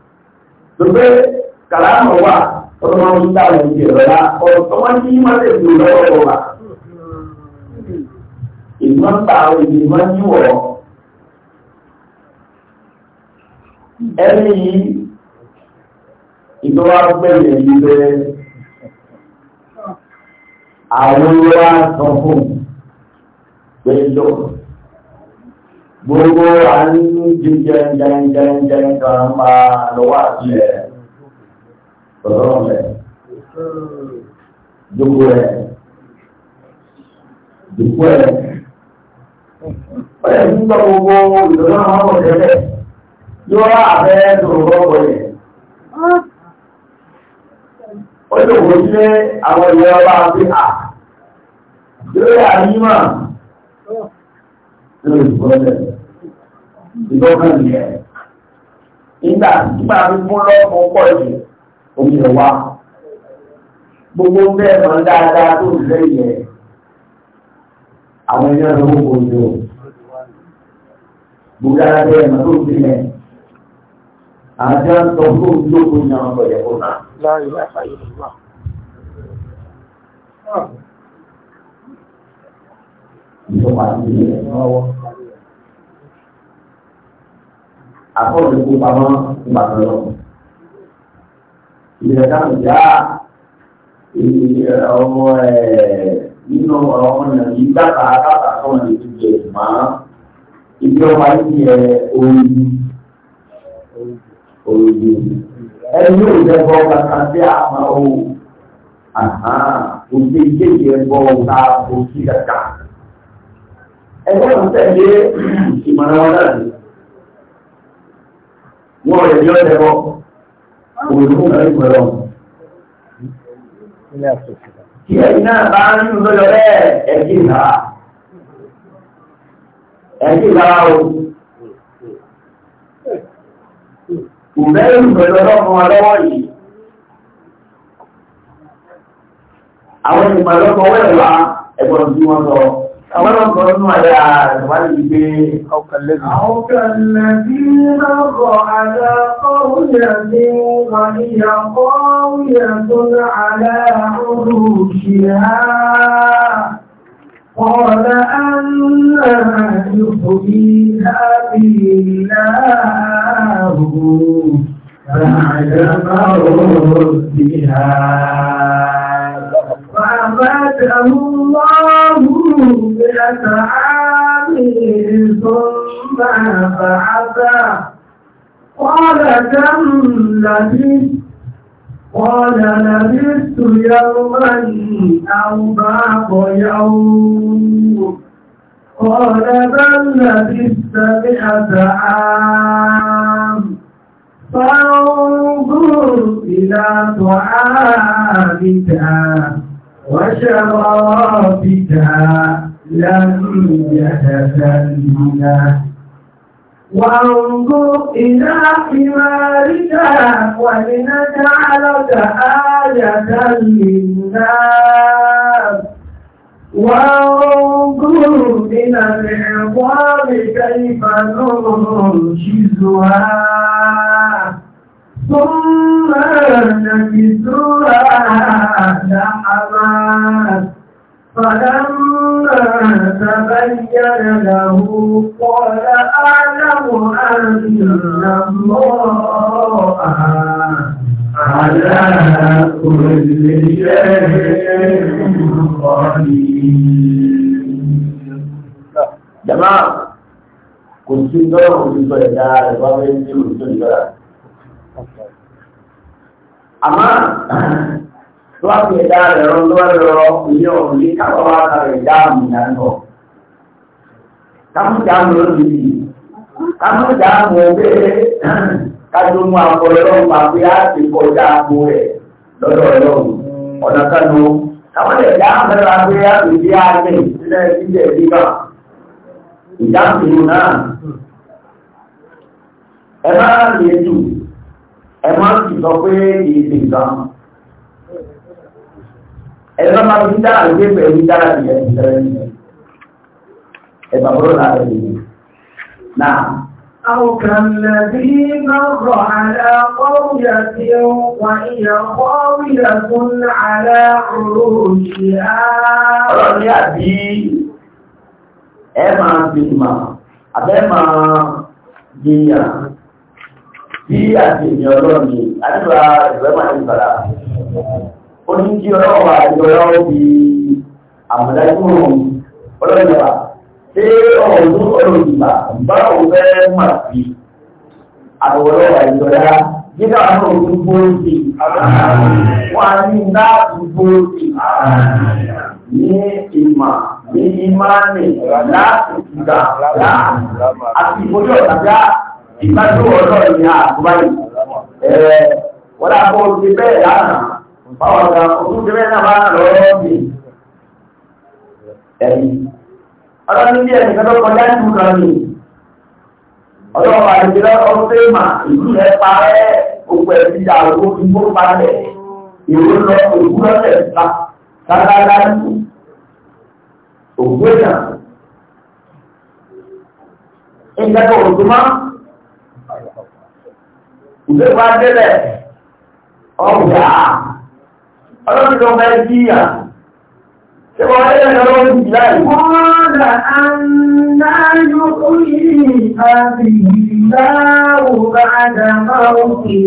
Speaker 1: Sebab kalau awak rumah kita ini adalah orang teman ini masih belum orang. Iman tahu iman nyuwo. Eli ìjọba gbẹ̀yẹ̀ yìí bẹ́ àwọn ìwà sọ fún gbẹ̀jọ gbogbo à ń jíjẹ jẹjẹjẹ kan máa lọ́wọ́ àtìlẹ̀ ọ̀rọ̀ rẹ̀ gbogbo rẹ̀ gbogbo rẹ̀
Speaker 2: ọ̀rẹ́ nígbà gbogbo
Speaker 1: ìdọ̀lọ́wọ́ àwọn ọ̀rẹ́ rẹ̀ yóò rà abẹ́ tó rọ́pọ̀ yẹn ọjọ́ òun jẹ́ àwọn ìwé ọba àti à lórí àyímà lórí ìgbọ́lẹ̀ ìlọ́kàn yẹn nígbà tí máa fi mú lọ́kùn pọ̀ jù omi ẹ̀ wá gbogbo bẹ́ẹ̀ máa dáadáa tó ń lé yẹ àwọn ẹ̀yọ́ ló ń gbòòjò gbogbo dáadáa bẹ́ẹ̀ máa àjá sọ fún olóko ní àwọn ọ̀yẹ̀ kó náà. láàrin àfàyè nígbà. ìjọba àti ilẹ̀ lọ́wọ́. àkọọ́lù kó pamọ́ ìbàdàn lọ. ìrẹ̀ dáhùn já ọmọ ẹ̀ nínú ọ̀rọ̀ ọmọ náà yìí dábàá dábàá sọ̀rọ̀ ìdíje mọ́. ìjọba yìí yẹ oyin òyìnbó ẹni ìjẹbọ kàkà sí àmà o òkè kéèké ẹbọ ta òkè kàkà ẹgbẹ́ wọn tẹ̀lé ìmọ̀ràn wọn náà ni wọn rẹ̀ yọ ẹbọ òyìnbó náà ìgbẹ́ lọ. Kí ẹ̀yin náà bá ń lọ lọ bẹ́ẹ̀ ẹ̀kí ìlà ẹ̀kí ìlà o. ìbẹ́rù pẹ̀lú ọlọ́run ọlọ́wọ́ yìí àwọn ìpàlọ́kọ̀ wẹ́wà ẹ̀gbọ́n tí wọ́n sọ àwọn ọkọ̀ àyà ìwádìí wípé قال أنا يحيي هذه الله بعد مردها فأماته الله مئة ثم بعثه قال كم لبثت قال لبثت يوما أو بعض يوم قال بل لبثت مئة عام فانظر إلى طعامك وشرابك لم يتسلنا وانظر إلى حمارك ولنجعلك آية للناس وانظر إلى العظام كيف ننشزها ثم نكسوها لحمات فلما تبين له قال أعلم أن الله على كل شيء قدير جماعة كنت تدور في البلدان وأنت تدور في البلدان أما láti ẹ̀dá ẹ̀rọ lọ́rọ̀ ilé ọ̀rọ̀ ní kàkọ́wà rẹ̀ dáàmù ìyàtọ̀. Kámúdàmù ló ti di. Kámúdàmù pé kájú mú àpọ̀lọ́ máa fi láti kọjá àpò rẹ̀ lọ́dọ̀ ọlọ́run. Ọ̀nà kanú. Káwọn ẹ̀dá mẹ́ra pé láti bí ààrẹ ìpínlẹ̀ ìpínlẹ̀ bíbà. Ìdáàmù náà. Ẹ máa ń lè jù. Ẹ máa ń sì sọ pé kì ẹ̀rọ máa fi dára lókè pẹ̀lú dára ti ẹ̀ ìṣẹ̀lẹ̀ ní ẹ̀bà bọ́rọ̀ láti ẹ̀ yìí. Náà. Àwòkàn lẹ́bí máa rọ̀ àlá kọ́wùyà tí ó wà ìyà kọ́wùyà tún àlá òròṣì á. Ọ̀rọ̀ ní àbí ẹ máa fi mà àbẹ́ máa jìyà bí àti ìyọ̀ lọ́nà àdúrà ìgbẹ́mà ìbàrà oníjí ọlọ́wà ìjọra òbí àmọ̀dájú ọlọ́jọba tí ọ̀rọ̀ olóògbà bá òun fẹ́ mà sí àwọ̀lọ́wà ìjọra nígbà náà òun gbóòsì wọ́n á ní láàbù gbóòsì ní ìmà ní ìmáàmì láti ìgbà àti ìfojú ọ̀tàjá ìgbàjú ọlọ́rin àkúbáyì wọ́n á bọ́ òun ti bẹ́ẹ̀ lánàá Báwọn ọ̀gá ogún ti mẹ́ta bá lọ́wọ́ bí ẹ̀rí. Ọlọ́run ní ẹ̀rí kan tó kọjá ìlú kan ni. Ọlọ́run àti ìjọba ọ̀sẹ̀ mà ìlú rẹ̀ parẹ́ gbogbo ẹ̀rí ìjà òkú ìgbó parẹ́. Ìwé lọ òkú lọ́sẹ̀ ta sátára ní òkú èèyàn. Ìjọba òkú máa ìgbé wa délẹ̀ ọ̀gá ọlọ́run tó bẹ́ẹ̀ sí ìyà ṣe wọ́n ẹ̀rẹ́ lọ́wọ́ ní ìlàí wọ́n rà ánàájú orí àbì ìdáwò bá dámà òkè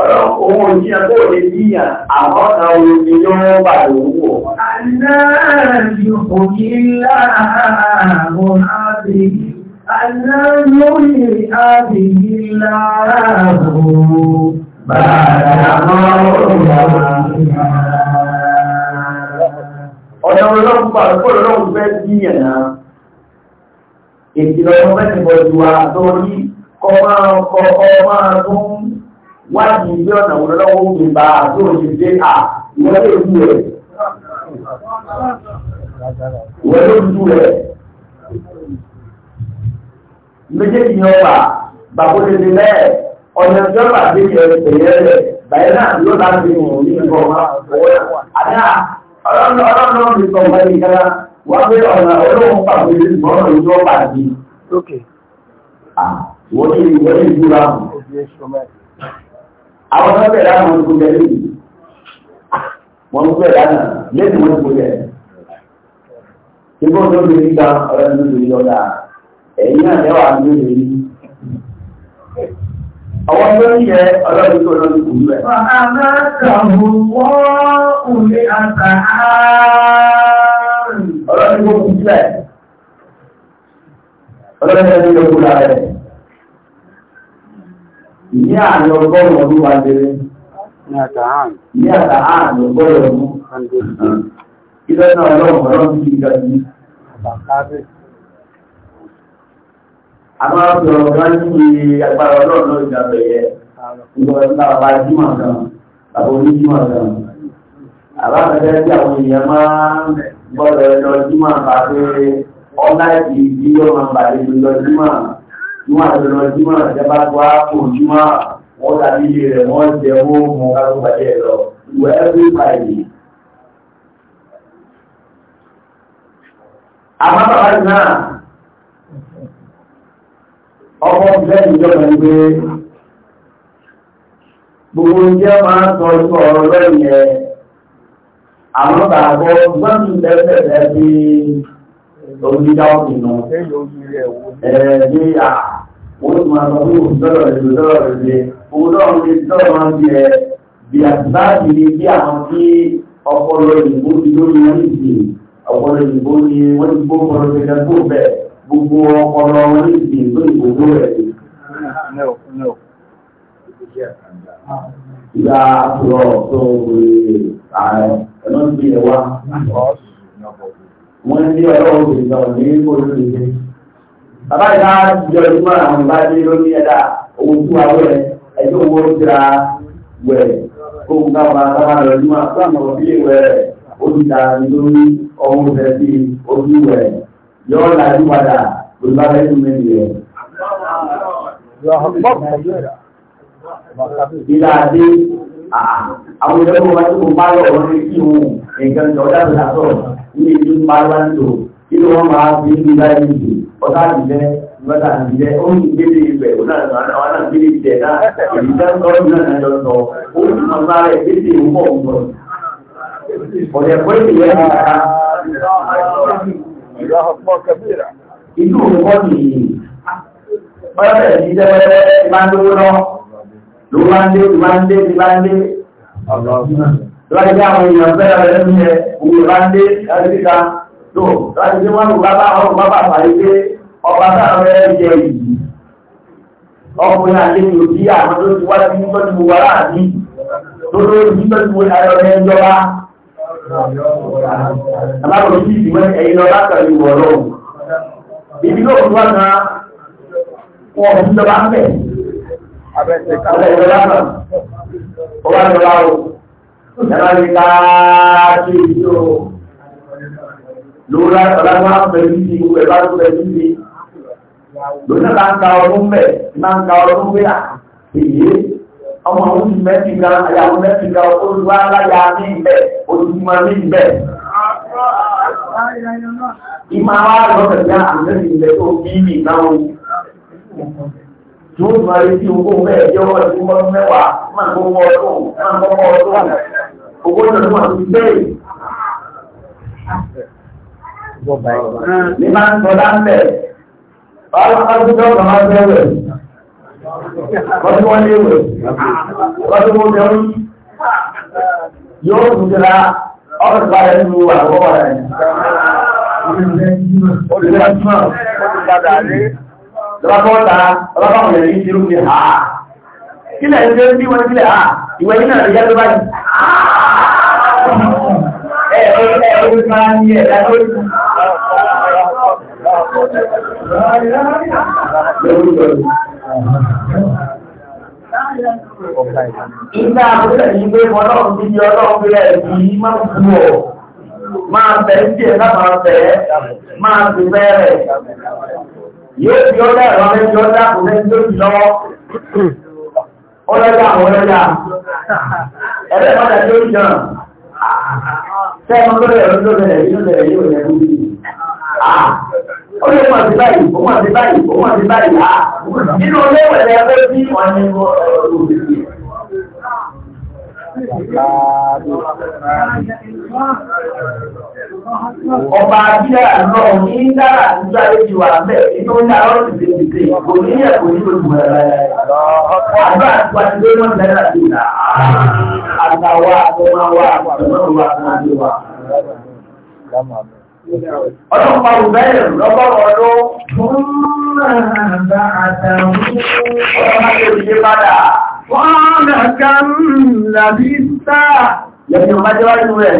Speaker 1: Ọlọ́run òun òjí ẹgbẹ́ òní sí ìyà àwọn ọ̀nà òní ló ń bà lówó. Àdáàjù òjí láàrùn àbì Àdáàjù òjí Ọ̀nà ọlọ́run pa àrùkọ́ ọlọ́run fẹ́ sí ẹ̀nà ètìlọ ọmọ mẹ́sìn bọ̀ ju wa lórí kọ máa kọ ọmọ tún wádìí ilé ọ̀nà ọlọ́run mi bá àti òṣèṣe à ìwọ́n lè wú rẹ̀. Ìwọ́n lè wú rẹ̀. Méjèèjì ọba, bàbá olè lè bẹ́ẹ̀. ọ̀nà ìjọba àti ìrẹsẹ̀ rẹ̀ báyìí náà ló bá ti ní ìbọn àdá ọlọ́run kára wọ́n ọ̀nà olóhùn wọ́n àwọn tó bẹ̀rẹ̀ àwọn ọmọ ìgbẹ́ lẹ́yìn wọ́n ń bẹ̀rẹ̀ àná lẹ́yìn wọ́n bẹ̀rẹ̀. tó bẹ̀rẹ̀ nígbà ọ̀rẹ́ Àwọn tó ń yẹ ọlọ́run tó lọ́dún kò rẹ̀. Àmọ́ tàbí wọ́n òlé àtà ààrùn. Ọlọ́run tó kù sílẹ̀. Ọlọ́run tó lọ́dún kò rẹ̀. Ní àná ọgọ́rùn ọdún wa jẹrẹ. Ní àtà ààrùn. Ní àtà ààrùn ọgọ́rùn-ún. Ilé náà lọ́wọ́ ọlọ́run kì í àmọ́ ọ̀rọ̀ ọ̀rọ̀ ní agbára ọlọ́run ló ìjà bẹ̀yẹ ìgbọ̀n nípa bàbá jímọ̀ kan bàbá oníjímọ̀ kan àbáfẹ́fẹ́ tí àwọn èèyàn máa ń gbọ́dọ̀ lọ jímọ̀ pàṣẹ ọ̀láìsì tí yóò máa bàlẹ̀ lọ jímọ̀ níwọ̀n àti lọ jímọ̀ ìjọba tó á kò jímọ̀ wọ́n tàbí ilé rẹ̀ wọ́n jẹ owó mọ kákó bàjẹ́ lọ ìwọ ẹgbẹ́ ìpàdé. àmọ́ bàbá náà ọkọ̀ ìlẹ́yìn ìjọba ń gbé gbogbo jẹ́ máa ń sọ ikọ̀ ọ̀rọ̀ ìyẹ àwọn bàbọ̀ gbọ́nù lẹ́sẹ̀lẹ́ bí onídá òkìnà ẹ̀ẹ́dí à wọ́n ti máa sọ fún òṣìṣọ́rọ̀ ìlú lọ́rọ̀ rẹ̀ owó lọ́rùn lè sọ̀rọ̀ máa ń bí ẹ bí àtìbáàdì ni bí àwọn tí ọpọlọ ìbò ti lórí wọn gbogbo ọpọlọ orí ìgbò ìgbòho rẹ̀ ìyá àtúrọ̀ tó rí ààrẹ ẹ̀nà bí ẹwà wọ́n ní ọ̀rọ̀ òbìnà ní olóògbé bàbá ìdá jọ ìgbà àwọn ìbá dé lórí ẹ̀dà owó tó àwẹ̀ ẹjọ́ owó tíra wẹ̀ kó ń kápa sábà lọ níwọ̀n fún àwọn ọ̀bí ìwẹ̀ rẹ̀ ó ti dà nítorí ọmọ òṣèlú ojú wẹ̀ yóò lajú padà olùbáfẹ́ tún mẹ́rin rẹ̀. Ìlà àti àwọn ìjọba wa tí kò bá lọ ọ̀rọ̀ ní kí òun nǹkan jọ dábò látọ̀ ní ìlú Pálá ń lò kí ló wọ́n máa fi ń gbígbá ní ìlú ọ̀tá àtijẹ́ ìgbàta àtijẹ́ ó ń gbélé ibẹ̀ òun náà àwọn náà gbélé ibẹ̀ náà èyí tẹ́ ń tọ́jú náà náà jọ sọ ó ń sọ sáré gbèsè ń bọ̀ ń bọ̀. Ọ̀dẹ̀kọ́ ìdíyẹ́ ìgbà الله أكبر كبيرا inú wọn ni bọ́lẹ̀ ní jẹ́wẹ́rẹ́ ti máa ń lówó lọ ló máa ń dé ti máa ń dé ti máa ń dé lọ́dí bí àwọn èèyàn fẹ́rẹ̀ rẹ̀ ní ẹ òun máa ń dé àríkà tó láti bí wọ́n lò bá bá ọ̀rọ̀ bábà pàdé pé ọba táwọn rẹ̀ jẹ yìí ọkùnrin àlejò bí àwọn tó ti wá sí tọ́jú wa láàbí tó lórí tọ́jú wa láàrin ọ̀rẹ́ ìjọba alákòó sí ìdíwẹ́ ẹ̀yìn lọ látàrí ìwọ̀ ọlọ́run ibi náà tó wá na wọn ò níjọba ń bẹ̀ ọ̀rẹ́ ìjọba náà ó wá jọba o yàrá ní káàkiri ìjọ lóòrùn ọ̀làgbọ́n àpẹẹrẹ ní ìwé bá tó bẹ̀ níbi lóòrùn náà ń ka ọdún bẹ̀ máa ń ka ọdún bẹ̀ à èyí ọmọ oṣù mẹ́tì gan àyàwó mẹ́tì gan olùwà aláya ní ìbẹ̀ olùmọ̀ ní ìbẹ̀. ìmọ̀ àwọn àlọ́bẹ̀ ní àmì ìbẹ̀ tó bí mi náà o. yóò máa rí sí owó bẹ́ẹ̀ jẹ́ ọwọ́ ìlú ọdún mẹ́wàá máa gbọ́ ọmọ ọdún máa gbọ́ ọmọ ọdún owó ìtọ́jú máa ti bẹ́ẹ̀. ní máa ń sọ dáńbẹ̀ ọlọ́pàá tó dọ́gba máa bẹ̀rẹ̀
Speaker 2: ọdún wọn ní ewé ọdún wọn bẹ̀rù
Speaker 1: yóò tún jẹ́ra ọkọ̀ tó bá rẹ̀ nínú àwọn ọ̀rọ̀ rẹ̀ olùdíjọ́ olùpadà rí lọ́kọ́ta ọlọ́kọ̀ rẹ̀ yìí ti rú ní ha kílẹ̀ ń tẹ́ bí wọ́n Ilé àbúrẹ̀ yìí pé ọlọ́run ti di ọlọ́run pé ẹ̀kú yìí máa ń bú ọ̀. Máa bẹ̀ ń tiẹ̀ lábàá bẹ̀ ẹ́, máa sì bẹ̀rẹ̀. Yóò fi ọlọ́ ẹ̀rọ mẹ́jọ dáàbò mẹ́jọ jù lọ́wọ́. Ọlọ́jà àwọn ọlọ́jà. Ẹ̀rẹ́ ìpàdé yóò jẹun. Sẹ́yìn ọlọ́rẹ̀ ọlọ́rẹ̀ yóò lẹ̀ yóò lẹ̀ lórí. Ah! ó lè mọ̀ sí báyìí ó mọ̀ sí báyìí ó mọ̀ sí báyìí á ah! nínú ilé ìwẹ̀lẹ̀ ẹgbẹ́
Speaker 2: Ọba náà ní dára nígbà
Speaker 1: wa bẹ́ẹ̀ kò ní
Speaker 2: yẹ Ọlọ́run pa ìbẹ́rẹ̀ lọ́gọ́rọ̀
Speaker 1: ọdún. Wọ́n máa bá àtàwọn ọ̀rọ̀ máa ṣe òṣìṣẹ́ padà. Wọ́n nà ká ń làbí sáà. Yẹ̀mí ọmọ jẹ́ wájú rẹ̀.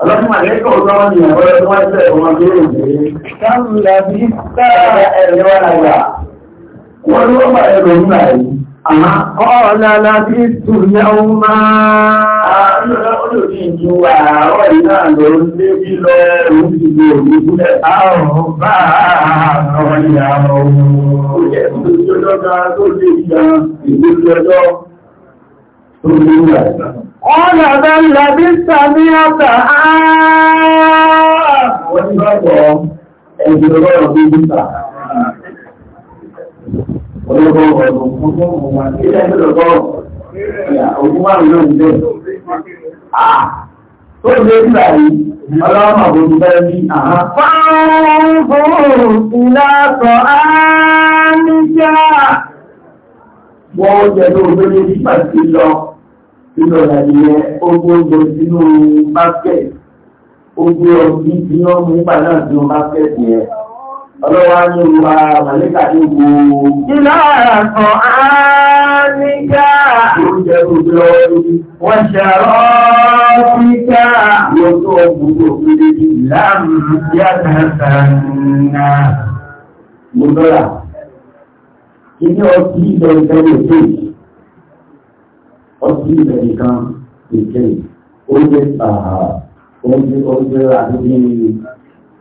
Speaker 1: Ọlọ́run máa lẹ́kọ̀ọ́ lọ́wọ́ ni ẹ̀rọ ẹ̀rọ wájú rẹ̀ ọmọ bí ó rèé. Ká ń làbí sáà. Ẹ̀rọ ẹ̀rọ wájú rẹ̀. Wọ́n ló wọ́n máa ẹ̀rọ nígbà yìí. Ọ̀la láti ìtùlẹ̀ ọmọ. Àwọn olóòdì ìjúwà ọ̀rọ̀ ìnáà ló bí lọ ẹ̀rùn ti lè rí gúnlẹ̀. Àwọn bá àwọn ìyàwó. sàmí àtà olóko ọdún ilé ẹgbẹ́ lọ́tọ́ ogun márùn ló ń bẹ́ tó lé nígbà yìí ọlọ́mọ kò ti bẹ́ẹ̀ ní àhá. fáwọn ìlàtọ̀ áníjà wọ́n jẹ́ tó lórí nígbà tí lọ nínú ìrìnàjò ogun oúnjẹ sínú báskẹ̀t ogun ọdún tí wọ́n mú Ọlọ́wà ní ìwà màlíkà ní gbogbo. Ìlà ẹ̀sọ̀ áníjà. Oúnjẹ tó gbé lọ́wọ́ lórí. Wọ́n ṣẹ̀rọ̀ píkà. Yóò tó ọgbùgbò òkúrẹ́ ìlàmù yàtàtà náà. Mo dọ́là. Ilé ọtí ilẹ̀ ìfẹ́lẹ̀ tó. Ọtí ilẹ̀ nìkan ìfẹ́. Oúnjẹ pàhà. Oúnjẹ oúnjẹ àti oúnjẹ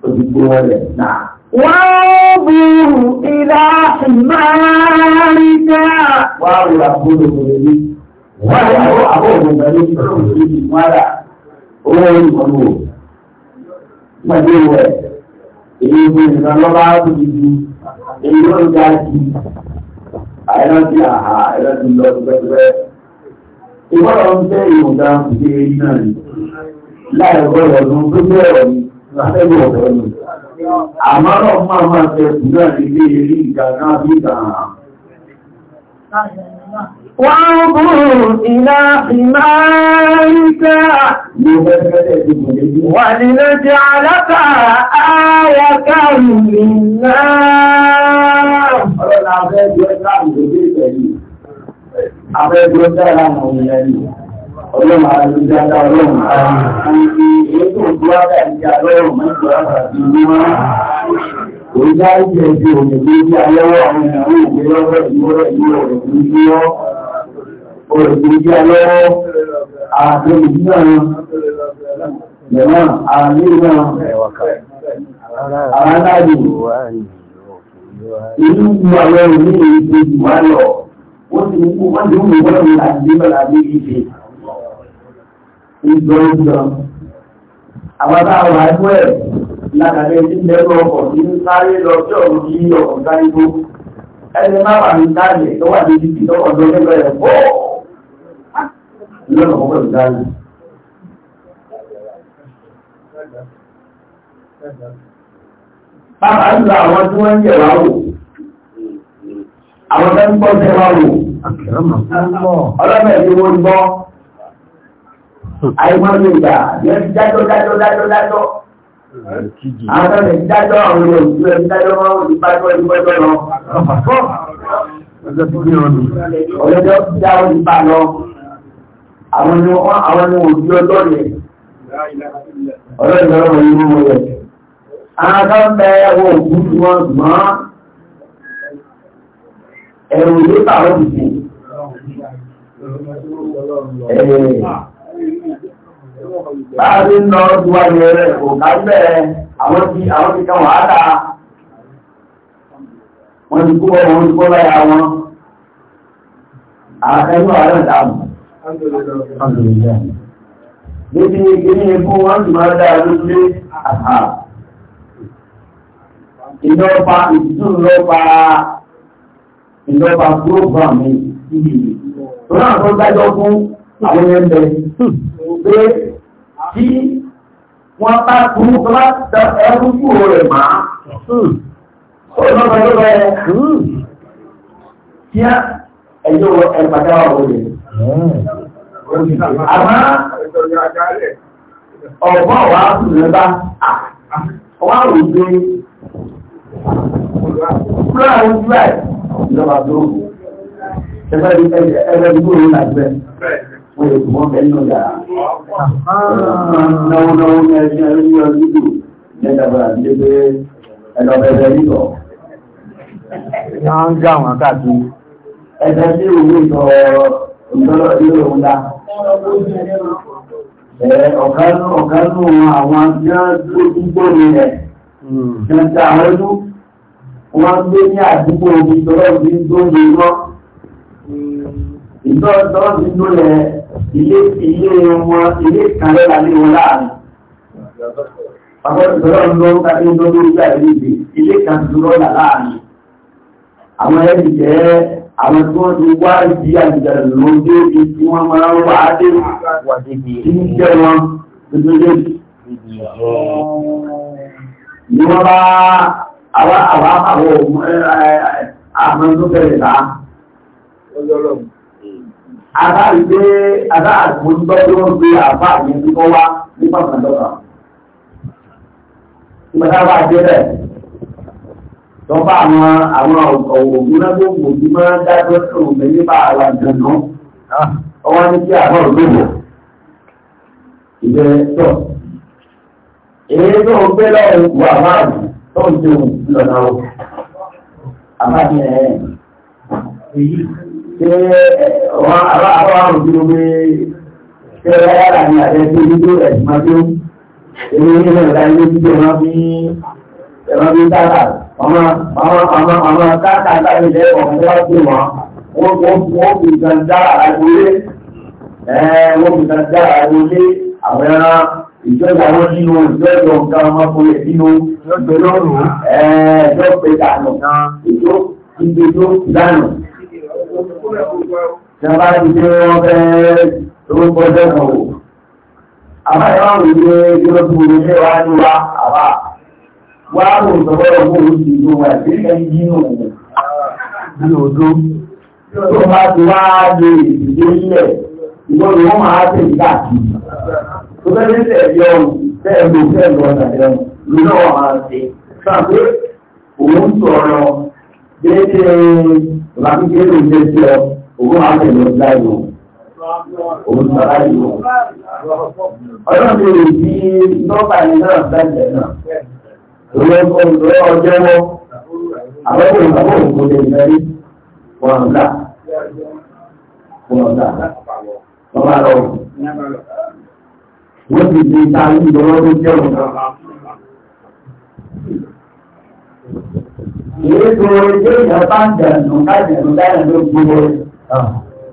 Speaker 1: òdìgbò rẹ̀ náà. وانظروا إلى حمارك وهو أبوه بلي وهو أبوه بلي ولا هو يقولون pẹ̀lú rẹ̀
Speaker 2: èyí ìwé ìrìnà lọ́wọ́
Speaker 1: àbújújú èyí ló ń ga jù àìrántí àhà àìrántí lọ pẹ́pẹ́ ìwọ́rọ̀ ń fẹ́ ìwọ̀nda ìdí èyí náà ní láì ọgọ́rọ̀ ọdún tó bẹ̀rẹ̀ àmọ́ náà máa máa tẹ ìpínlẹ̀ ilé ilé ìgbà náà bí ìgbà
Speaker 2: Wọ́n búrú ìlà
Speaker 1: ìmáríkà wà nínú jẹ́ aláta ayaka ìrìnà. Ọlọ́nà abẹ́gbẹ́ láàrín òbí ìpẹ̀lú, abẹ́gbẹ́ dára mọ̀ ìrìnà ọlọ́run àdúgbàtà ọlọ́run àti ètò ìgbọ́dà ìjà lọ́rùn mẹ́jọ àbàbí wọn òjá ìjẹ́ ìjẹ́ òní tó bí alẹ́wọ́ àwọn ìyàwó ìgbé lọ́wọ́ ìwọ́rọ̀ ìwọ̀ rẹ̀ tó bí wọ́ ọ̀rọ̀ tó bí alẹ́wọ́ àti ìdíjà lẹ́wọ̀n àmì náà aláàdì ìlú ìwàlọ́ ní èyí tó ìgbò ìjọ. Àwọn táwọn àìkú ẹ̀ lákàlẹ̀ tí lẹ́rọ ọkọ̀ ní sáré lọ sí ọ̀rọ̀ ní ọkọ̀ sárígbó. Ẹni máa wà ní dáàlẹ̀ tó wà ní ibi tó ọ̀dọ́ lẹ́gbẹ̀ rẹ̀ bọ́. Lọ́nà ọkọ̀ ìdáàlẹ̀. Bàbá ń lọ àwọn tí wọ́n ń yẹ̀ wá wò. Àwọn tó ń gbọ́ tẹ́ wá wò. Ọlọ́mọ̀ ẹ̀mí wọ́n gbọ́ àìmọ́ lè gbà yẹn ti dájọ́ dájọ́ dájọ́ dájọ́ àwọn ẹ̀mí dájọ́ àwọn ẹ̀mí òṣù ẹ̀mí dájọ́ máa ń gbájọ́ ìgbẹ́jọ́ lọ ọ̀lẹ́jọ́ dá ó nípa lọ àwọn ẹni òbí ọjọ́ rẹ̀ ọlọ́dún ọlọ́run ìlú rẹ̀ àwọn tó ń bẹ ẹwọ òkú tí wọ́n mọ́ ẹ̀rù yóò bá wọn dìbò Báàbí ń lọ ju ayẹ rẹ̀ kò ká bẹ́ẹ̀ àwọn ti àwọn ti kan wàhálà. Wọ́n ti kú bọ́ wọn ti kọ́ láyà wọn. Àtẹ́gbọ́ àárẹ̀ dàmù. Bébí ni kìíní ikú wọ́n ti máa dáa lójúlé àhà. Ìjọba ìtútù lọ́pa ìjọba program mi. Tọ́lá tó dájọ́ fún àwọn ẹgbẹ́ pé tí wọ́n bá kúrú tó bá da ẹrú kúrò rẹ̀ má. Ó lọ bẹ lọ bẹ kí á ẹ̀yọ́ ẹ̀pàdé wà wọlé. àwọn ojú ẹ̀ ìjọba tó. Ẹgbẹ́ ìgbòho ìlàjẹ́ wọ́n yóò tún wọ́n bẹ̀ nínú yàrá. náwó náwó ní ẹṣin ẹrí ní ọdún jù mẹ́ta bá àti lé pé ẹ̀dọ̀ bẹ̀rẹ̀ nítọ̀. wọ́n ń gà wọ́n káàkiri. ẹ̀sẹ̀ sí òwe ìtọ̀ ìtọ́lọ́ ilé òun dá. ọ̀kánú ọ̀kánú àwọn tó ti gbóni rẹ̀ jẹ́ta àwọn ẹlú wọ́n gbé ní àdúgbò omi tọ́lọ́ fi ń gbóni rọ́. ìtọ́ ìtọ́lọ́ fi ń gbóni rẹ̀ ilé ilé wọn ilé kan lọ́la ní wọn láàrin. Àbọ̀dọ̀dọ̀ ń lọ kárí lọ́dún ìgbà ìlú ilé kan tó lọ́la láàrin. Àwọn ẹni jẹ́ àwọn tí wọ́n ti wá ìdí àjẹjẹrẹ lóde ibi tí wọ́n máa ń
Speaker 2: wá dé kí ń jẹ́ wọn tuntun dé.
Speaker 1: Ni àbá ìgbé àbá àgbójútó tí wọ́n gbé àbá àmì kíkọ́ wá ní pàtàkìdọ́gba. Ìgbàdá bá jẹ́ bẹ́ẹ̀. Lọ́pọ̀ àwọn àwọn òògùn náà tó kò ní máa ń dájọ́ sí òun nípa àwọn ìdáná. Ọwọ́ ní kí àbá òdòdó. Ìbẹ̀rẹ̀ sọ. Èyí tó ń gbé lọ́wọ́ ìkú àbá àbí tó ń ṣe òun lọ́nà àwọn. Àbá ṣe àwọn aláwọ̀ àrùn pé ṣe láyára ní àjẹ́ tó ní tó ẹ̀sùn máa tó èyí ní ẹ̀rọ ilé títí ẹ̀rọ bí ẹ̀rọ bí tààtà ọmọ ọmọ ọmọ tààtà láti jẹ́ ọ̀pọ̀ wá sí wọn wọ́n fi kan dára àgbólé wọ́n fi kan dára àgbólé àwọn ẹran ìjọba wọn nínú ìjọba nǹkan ọmọkùnrin nínú ìjọba lọ́rùn ẹ̀ẹ́dọ́gbẹ̀dànù ìjọ ìjọ ìdánù. Ìjọba ti pé wọ́n fẹ́ orúkọ jẹ́kàn wò. Àbá ìwọ̀n rí pé kí ló tún orí ṣe wá ní wá àbá. Wá rò sọ́gbọ́rọ̀ fún orí ti tó wà sí ẹni nínú òun. Ní òdó. Tó bá ti wá lè ìdílé ilẹ̀, ìwọ̀n ni wọ́n máa tẹ̀lé káàkiri. Tó fẹ́ lé tẹ̀lé ọ̀hún, tẹ́ẹ̀ lò fẹ́ láti gbé ní ilé sí ọ owó àtẹ̀lẹ̀ ọ̀dá ìwò òun sọ̀rọ̀ ìwò ọjọ́ ti lè di nọ́mbà ní náà bẹ́ẹ̀ náà lórí ọkọ̀ lórí ọjọ́ wọ́ àwọn ìgbàgbọ́ òkú lè mẹ́rí wọn ọ̀dà wọn ọ̀dà wọn bá lọ wọ́n ti di ta ní ìdọ́wọ́ jẹ́ òun náà Ìwé tí èèyàn bá ń dẹ̀nù kájẹ̀nù dáyẹ̀ ló gbogbo rẹ̀.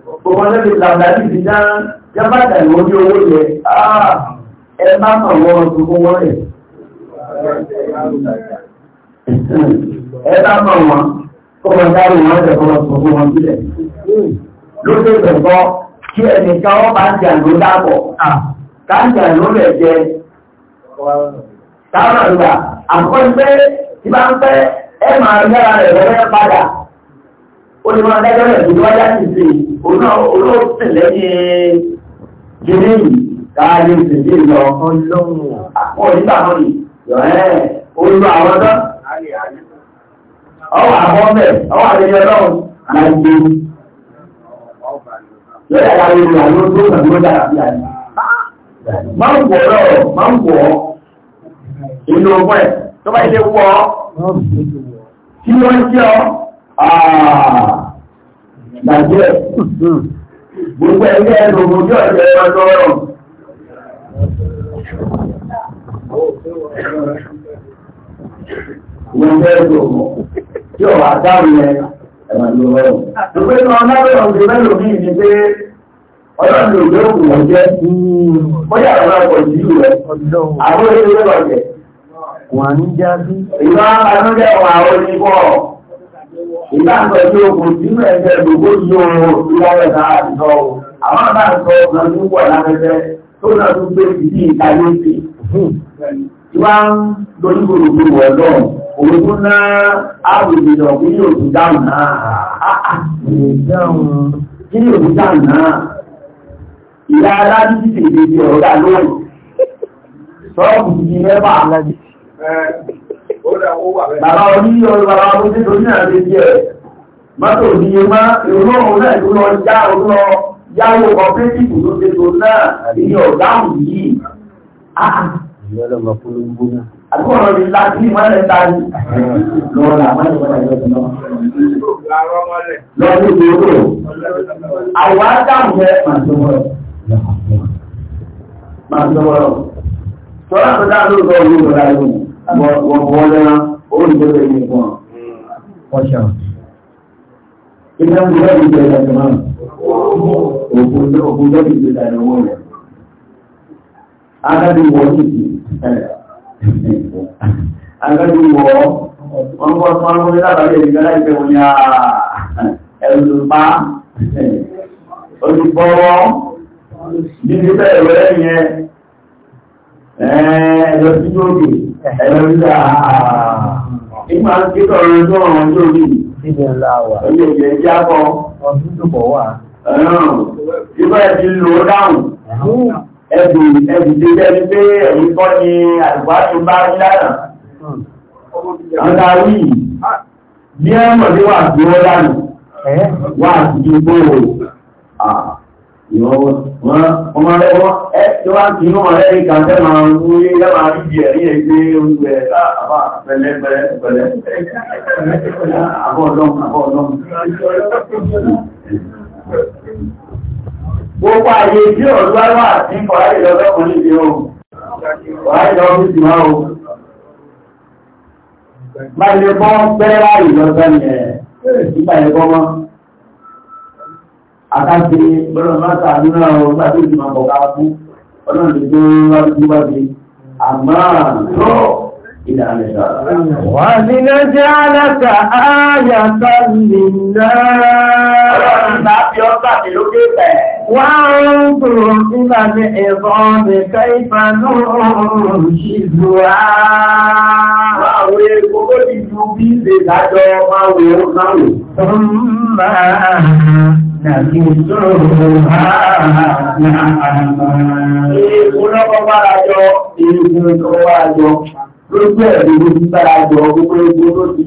Speaker 1: Gbogbo ọjọ́ ti làbàdà ní ìdí dáná, jẹ́ bá dẹ̀nù orí owó yẹ, ẹ má mọ̀ wọ́n gbogbo wọ́n rẹ̀. Ẹ bá mọ̀ wọ́n, kó wọ́n dárí wọ́n rẹ̀ kọ́ gbogbo wọn sílẹ̀. Lókè ìgbẹ̀gbọ́, kí ẹnìkan wọ́n bá ń dẹ̀nù dábọ̀, ká ń dẹ̀nù rẹ̀ jẹ, táwọn àgbà, àkọ́ ẹ máa yára rẹ̀ lọ́wọ́ padà ó lè máa dájọ́ rẹ̀ lójú wáyá sì sí olóòtú lẹ́yìn jíní káàdì ìsìnkú lọ ọlọ́run àpọ̀ nígbà wọn ni yọ̀ẹ́ olú àwọn ọ̀dọ́
Speaker 2: ọwọ́ àbọ́mẹ̀ ọwọ́ àdéjọ́ lọ́run àìgbé lórí àyàwó ìlú àwọn tó ń dára sí àyè máa ń wọ̀ lọ́rọ̀ máa ń wọ̀
Speaker 1: inú ọgbọ́n ẹ̀ tó bá ilé wọ́ kí wọ́n ń jẹ́ ọ àgbàjẹ́ gbogbo ẹgbẹ́ ẹnu ojú ọ̀jẹ́ ọjọ́ ọ̀rọ̀ wọ́n fẹ́ lò mọ́ tí ó wà dáhùn yẹn ẹ̀wọ̀n ló rọrùn. Ìgbé náà lábẹ́ ọ̀gbẹ́ mẹ́lò bí ní pé ọlọ́run ló gbé òkú wọn jẹ́ bóyá àwọn ọkọ̀ ìdílù rẹ̀ àwọn ilé ọ̀jẹ̀. wà ní jábí. Ìgbà àbájẹ́ wà onígbọ́. Ìgbà àtọ́jú ogun tí ó ẹgbẹ́ gbogbo yóò lọ́wọ́ ta àtijọ́. Àwọn àbá àtọ́ ọ̀gbọ́n ní tó náà gbé ìdí sí. ń Òun ná dáhùn náà. Kí dáhùn náà? Ìyá ti lóòrùn. Sọ́ọ̀bù ti mẹ́fà. Bàbá oní ọ̀rọ̀ bàbá oní tó ní àti díẹ̀. Mọ́tò ní yé máa ìrọ̀rùn náà ìlú lọ já òun lọ yáwó ọ̀pẹ́tìkù tó ṣe tó náà ní ọ̀dáhùn yìí. Àgbọ̀rọ̀ ah, ah. ni láti mọ́lẹ̀ tàbí lọ́la mọ́lẹ̀ mọ́lẹ̀ lọ́dún gbogbo. Àwọn adáhùn jẹ́ màá tọ́lá tó dá lóòótọ́ orí ìgbọ̀lá ìlú wọ̀n bọ́ lẹ́nà orí ìjọba ìlú ìgbọ̀n ọ̀ṣà ìjọba ìjọba ìjọba ìjọba òkun lọ́dí ìjọba ìlú rẹ̀ agbádé ẹ̀lọ eh, eh. eh, ah. sí lóògì ẹ̀lọ sí àà nígbà tí ọ̀rọ̀ tó ọ̀rọ̀ lórí níbi ńlá wà ẹ̀lọ ìjẹ́ jábọ̀ ọdún tó bọ̀ wà ẹ̀rùn ìgbà ẹ̀dì lò ó dáhùn ẹ̀dì ẹ̀dì tó jẹ́ ní pé ẹ̀yí kọ́ ni àdùgbà tó bá ń dáná ọ̀dáwì bí ẹ̀mọ̀dé wà tó ó dáhùn wà tó gbòòrò ìrọwọ́ wọ́n ọmọ rẹ̀ wọ́n ẹ́ tí wá kí inú ọ̀rẹ́ rí kan tẹ́mà ń wú rí lẹ́mà rí bí ẹ̀rí ẹgbẹ́ oúnjẹ àbá pẹ̀lẹ́ pẹ̀lẹ́ pẹ̀lẹ́ àbọ̀ ọlọ́run àbọ̀ ọlọ́run. gbogbo àyè tí ọ̀dọ́ wà ní o kọ̀ọ̀rẹ́ ìlọ́dọ́kùn máa o. máa lè bọ́ pẹ́ẹ́rẹ́ ìlọ́dọ́ yẹn nígbà yẹn bọ́ mọ́ àkáṣe bọ́lọ́n mọ́ta nínú àwọn ọgbà tó ìgbìmọ̀ bọ̀ ká fún ọlọ́run tó tó wá sí wá sí àmọ́ àtọ́ ìlànà wà nínú jẹ́ aláta ní ẹ̀bọ́n Nàìjíríà ní àmàlà. Èèkùn lọ́kọ́ bára jọ, èèkùn tó wá jọ. Lójú ẹ̀rí ló ti bára jọ, gbogbo egbò ló ti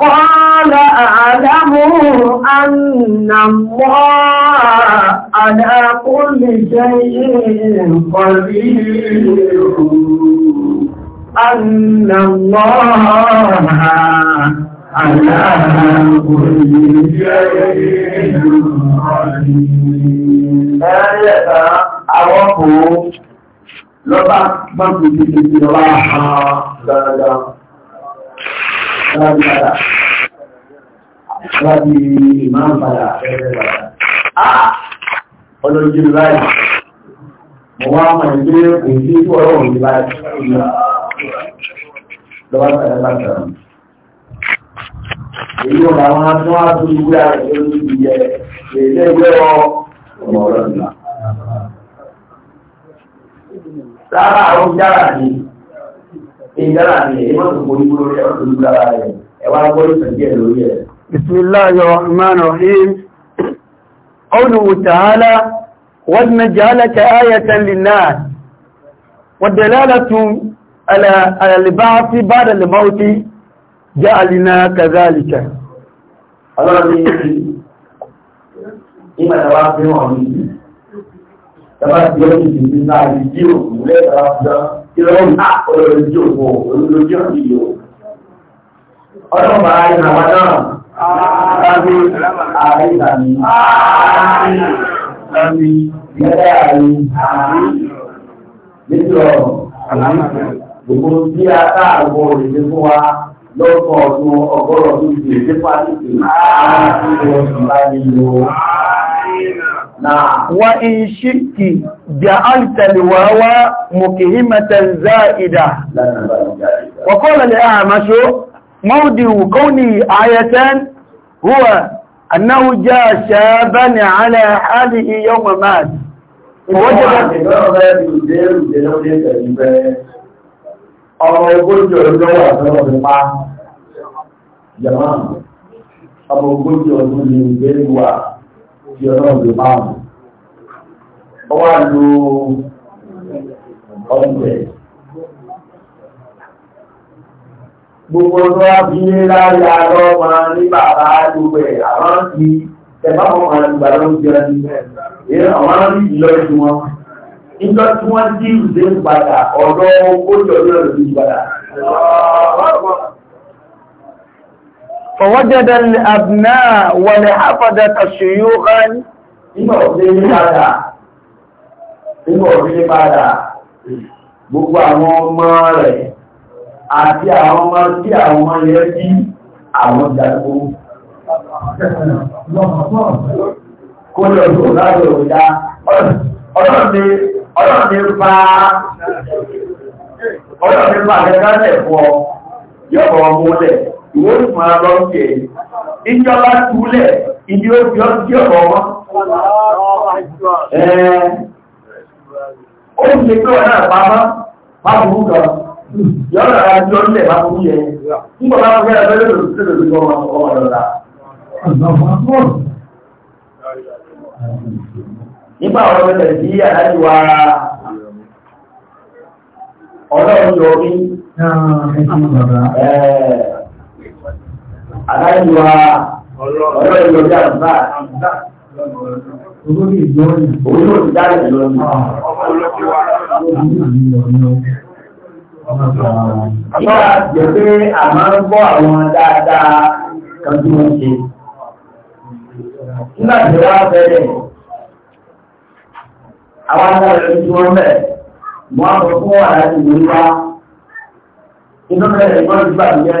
Speaker 1: قال أعلم أن الله على كل شيء قدير أن الله على كل شيء قدير أعوكم لبا بمكتب الله alábi padà alábi ìmáà padà ẹgbẹ́ padà ah ọlọ́jú láì mo wá mọ̀ ẹgbẹ́ kò sí ọ̀rọ̀ òní láì lọ́wọ́ padà padà èyí ọ̀gá wọn tó wá tó ìwé ààrẹ lórí ìyẹ èlé ìwé ọmọ ọ̀rọ̀ ìlà sára àwọn jára ni ìjára ni èyí mọ́tò kò ní gbólórí ẹ̀wọ́n tó lúgbára rẹ̀ ẹ̀wà gbọ́lù sàndíẹ̀ lórí ẹ̀. Bismillahirrahmanirrahim. Qawluhu ta'ala wadna ja'alaka ayatan lin-nas wad-dalalatu ala al-ba'thi ba'da al-mawt ja'alna kadhalika. Ọlọ́run ni ìmọ̀ tàbá fi hàn mí. Tàbá fi ọ́ ìrọ̀rùn àkọlọ̀ ìjọ òwò olójú ìyò. Ọlọ́pàá ìrànwá náà, ààrẹ ààrẹ ìdàmí, ààrẹ ìgbẹ́rẹ́ ààrẹ, nítorọ̀ gbogbo tí a káàgbọ́ òrèlé fún wa lọ́pọ̀ ọdún ọgọ́rọ̀ tó ti lè dé pàtàkì ààrẹ ìgbẹ́rẹ́
Speaker 2: wa
Speaker 1: in shirki ja'alta liwawa mukihimatan za'ida wa qala li'amash mawdi kauni ayatan huwa annahu jaa shaban ala halihi yawma mat wajaba ọmọ ogójì ọjọ́ wà lọ́wọ́ mi pa jẹ́mọ́ ọmọ ogójì ọdún ni ìgbéru wà tí ọlọ́run ló máa mú. Ó wá lo ọ̀pẹ̀. Gbogbo tó wá bí lé láyé arọ́ máa ní bàbá gbogbo ẹ̀ àwọn ti ẹ̀bá wọn máa gbà ló ń jẹun ní ẹ̀ àwọn rí ìlọ ìlú wọn. Nígbà tí wọ́n dí ìdé padà ọ̀dọ́ ogójì ọdún ọ̀dọ́ ìpadà. فوجد الأبناء ولحفظة شيوخا nígbà òfin ní padà nígbà òfin ní padà gbogbo àwọn ọmọ rẹ̀ àti àwọn ọmọ tí àwọn ọmọ yẹ bí àwọn jàgbó kó lọ sí òláàrẹ̀ òjá ọlọ́ọ̀dẹ́ fa ọlọ́ọ̀dẹ́ fa àjẹ́gbẹ́ ẹ̀fọ́ yọ̀bọ̀ ọmọ lẹ̀ ìwé ìfún ara lọ sí ẹ̀yìn ìjọba túlẹ̀ ìdí òbí ọdí ọ̀rọ̀ wọn ó ṣe pé ọ̀nà àpamọ́ mábùú kan yọ́nà àjọ ilẹ̀ mábùú yẹ nígbà máa fẹ́ ẹgbẹ́ lórí òṣèlú lórí ọmọ ọmọ lọ́la nígbà àwọn ọmọ ilẹ̀ sí àdájú wa ọlọ́run yọ mí ẹ̀ẹ́
Speaker 2: àdájúwa
Speaker 1: ọ̀rọ̀ ìlọ́jà àgbà Owó ní ìgbọ́nyà. Owó ní òtítà ìlọ́nyà. Ìgbọ́ra jẹ́ pé a máa ń gbọ́ àwọn dáadáa kan tí wọ́n ṣe. Nígbà tí wọ́n bẹ̀rẹ̀, àwọn adájọ́ tí wọ́n bẹ̀rẹ̀, wọ́n á sọ fún wà láti ìlú wá. Inú bẹ̀rẹ̀ ìgbọ́n ti bàjẹ́.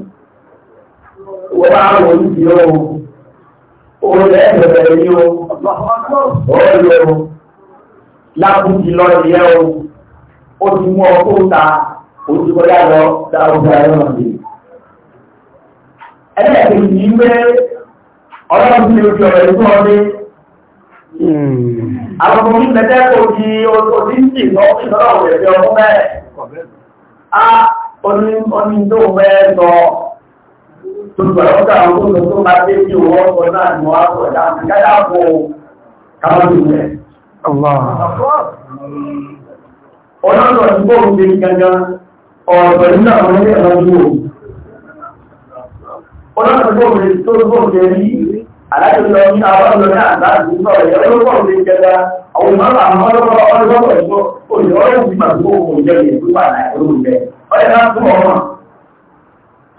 Speaker 1: wọ́n bá wọ̀ ní ti yóò owó rẹ̀ bẹ̀rẹ̀ ní o ọ̀rọ̀ lọ lábùkì lọ ìyẹ́ o ó ti mú ọ tó ta òtúkọ́lá lọ dáúgbà ẹ̀rọ dé ẹlẹ́ẹ̀kejì ní pé ọlọ́run ti ojú ọ̀rọ̀ ìlú ọdẹ hmm. àwọn ọmọ ìgbẹ́tẹ́ kò di òtí ń gbogbo àwọn tó àwọn tó tó máa dé ní owó ọkọ̀ náà ni wọ́n á pọ̀ láti káyà kó káwọn ìwẹ̀. ọlọ́dọ̀ tí bóòrù ṣe gangan ọ̀rọ̀ nínú àwọn ilé ọlọ́dún o ọlọ́dọ̀ bóòrù ṣe tó bóòrù ṣe rí alájọsọ ní àwọn ọlọ́dún náà láti gbọ́ ẹ̀yẹ ọlọ́dún ṣe gangan àwọn ìmọ̀ràn àwọn ọlọ́dún ọlọ́dún ọ̀ṣọ́ òṣèlú ọlọ́dún ti máa gbó òun jẹ́ ìlú wà láì olóògbé ọ̀yẹ́ láti mọ̀ ọ́n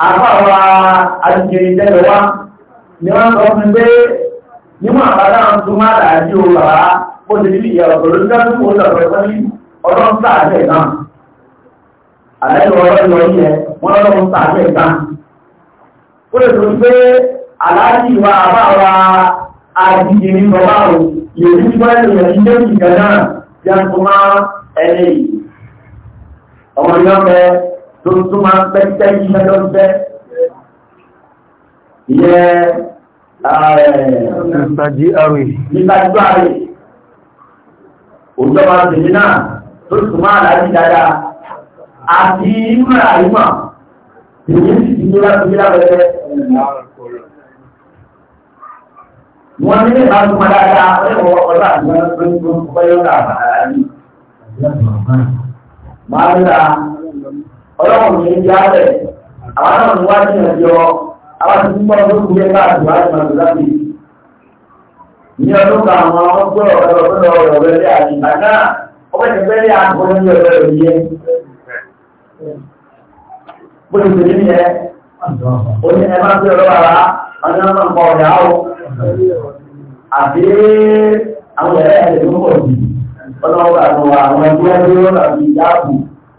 Speaker 1: àbáwa àjẹjẹrẹ wa ni wọ́n sọ fún pé níwọ̀n àbádá ń tún máa o bàbá ó ti fi ìyà ọ̀pọ̀ lórí dájú kó lọ́pọ̀ ẹ̀kọ́ ní ọdún sáàjẹ̀ náà àlẹ́lọ ọlọ́lọ yẹ wọ́n lọ́dún sáàjẹ̀ náà ó lè tó pé aláàjì wa àbáwa àjẹjẹrẹ bàbá ò lè rí wọ́n lè rí lẹ́yìn gan náà yá tó máa ẹni ọmọ yọ́pẹ́ tó tún máa ń pẹ́ tẹ́ iṣẹ́ ló ń tẹ́. Ìyẹ́ Mr. G.R.E. Mr. G.R.E. Òjọ́ máa tèmi náà tó tún máa láti dáadáa. Àti ìmọ̀ àìmọ̀, tèmi sì ti gbé láti gbé lábẹ́rẹ́.
Speaker 2: Wọ́n ní lè máa tún dáadáa,
Speaker 1: ọ̀rẹ́ ọ̀pọ̀lọpọ̀ àti wọn tó ń gbé ọ̀pọ̀lọpọ̀ àbáyé. Máa ń ra ọlọ́run ní ìjà rẹ̀ àwọn náà ní wájú ìrìnàjò àwọn ti fún bọ́ọ̀lù tó kúrẹ́ káàdì wájú ìrìnàjò láti ní ọdún kan àwọn ọgbẹ́ ọ̀rọ̀ ọ̀rọ̀ ọ̀rọ̀ rẹ̀ àti ìgbàgbá ọgbẹ́ ti fẹ́ rí àgbọ̀ ní ọ̀rọ̀ rẹ̀ yẹ bó ti fèrè ní ẹ ó ní ẹ máa ń fi ọ̀rọ̀ bàbá ọjọ́ náà kọ ọ̀dà ó àbí àwọn ẹ̀rẹ́ ẹ̀rẹ́ ló pọ̀ jù ọlọ́run àwọn ẹgbẹ́ ẹgbẹ́ ló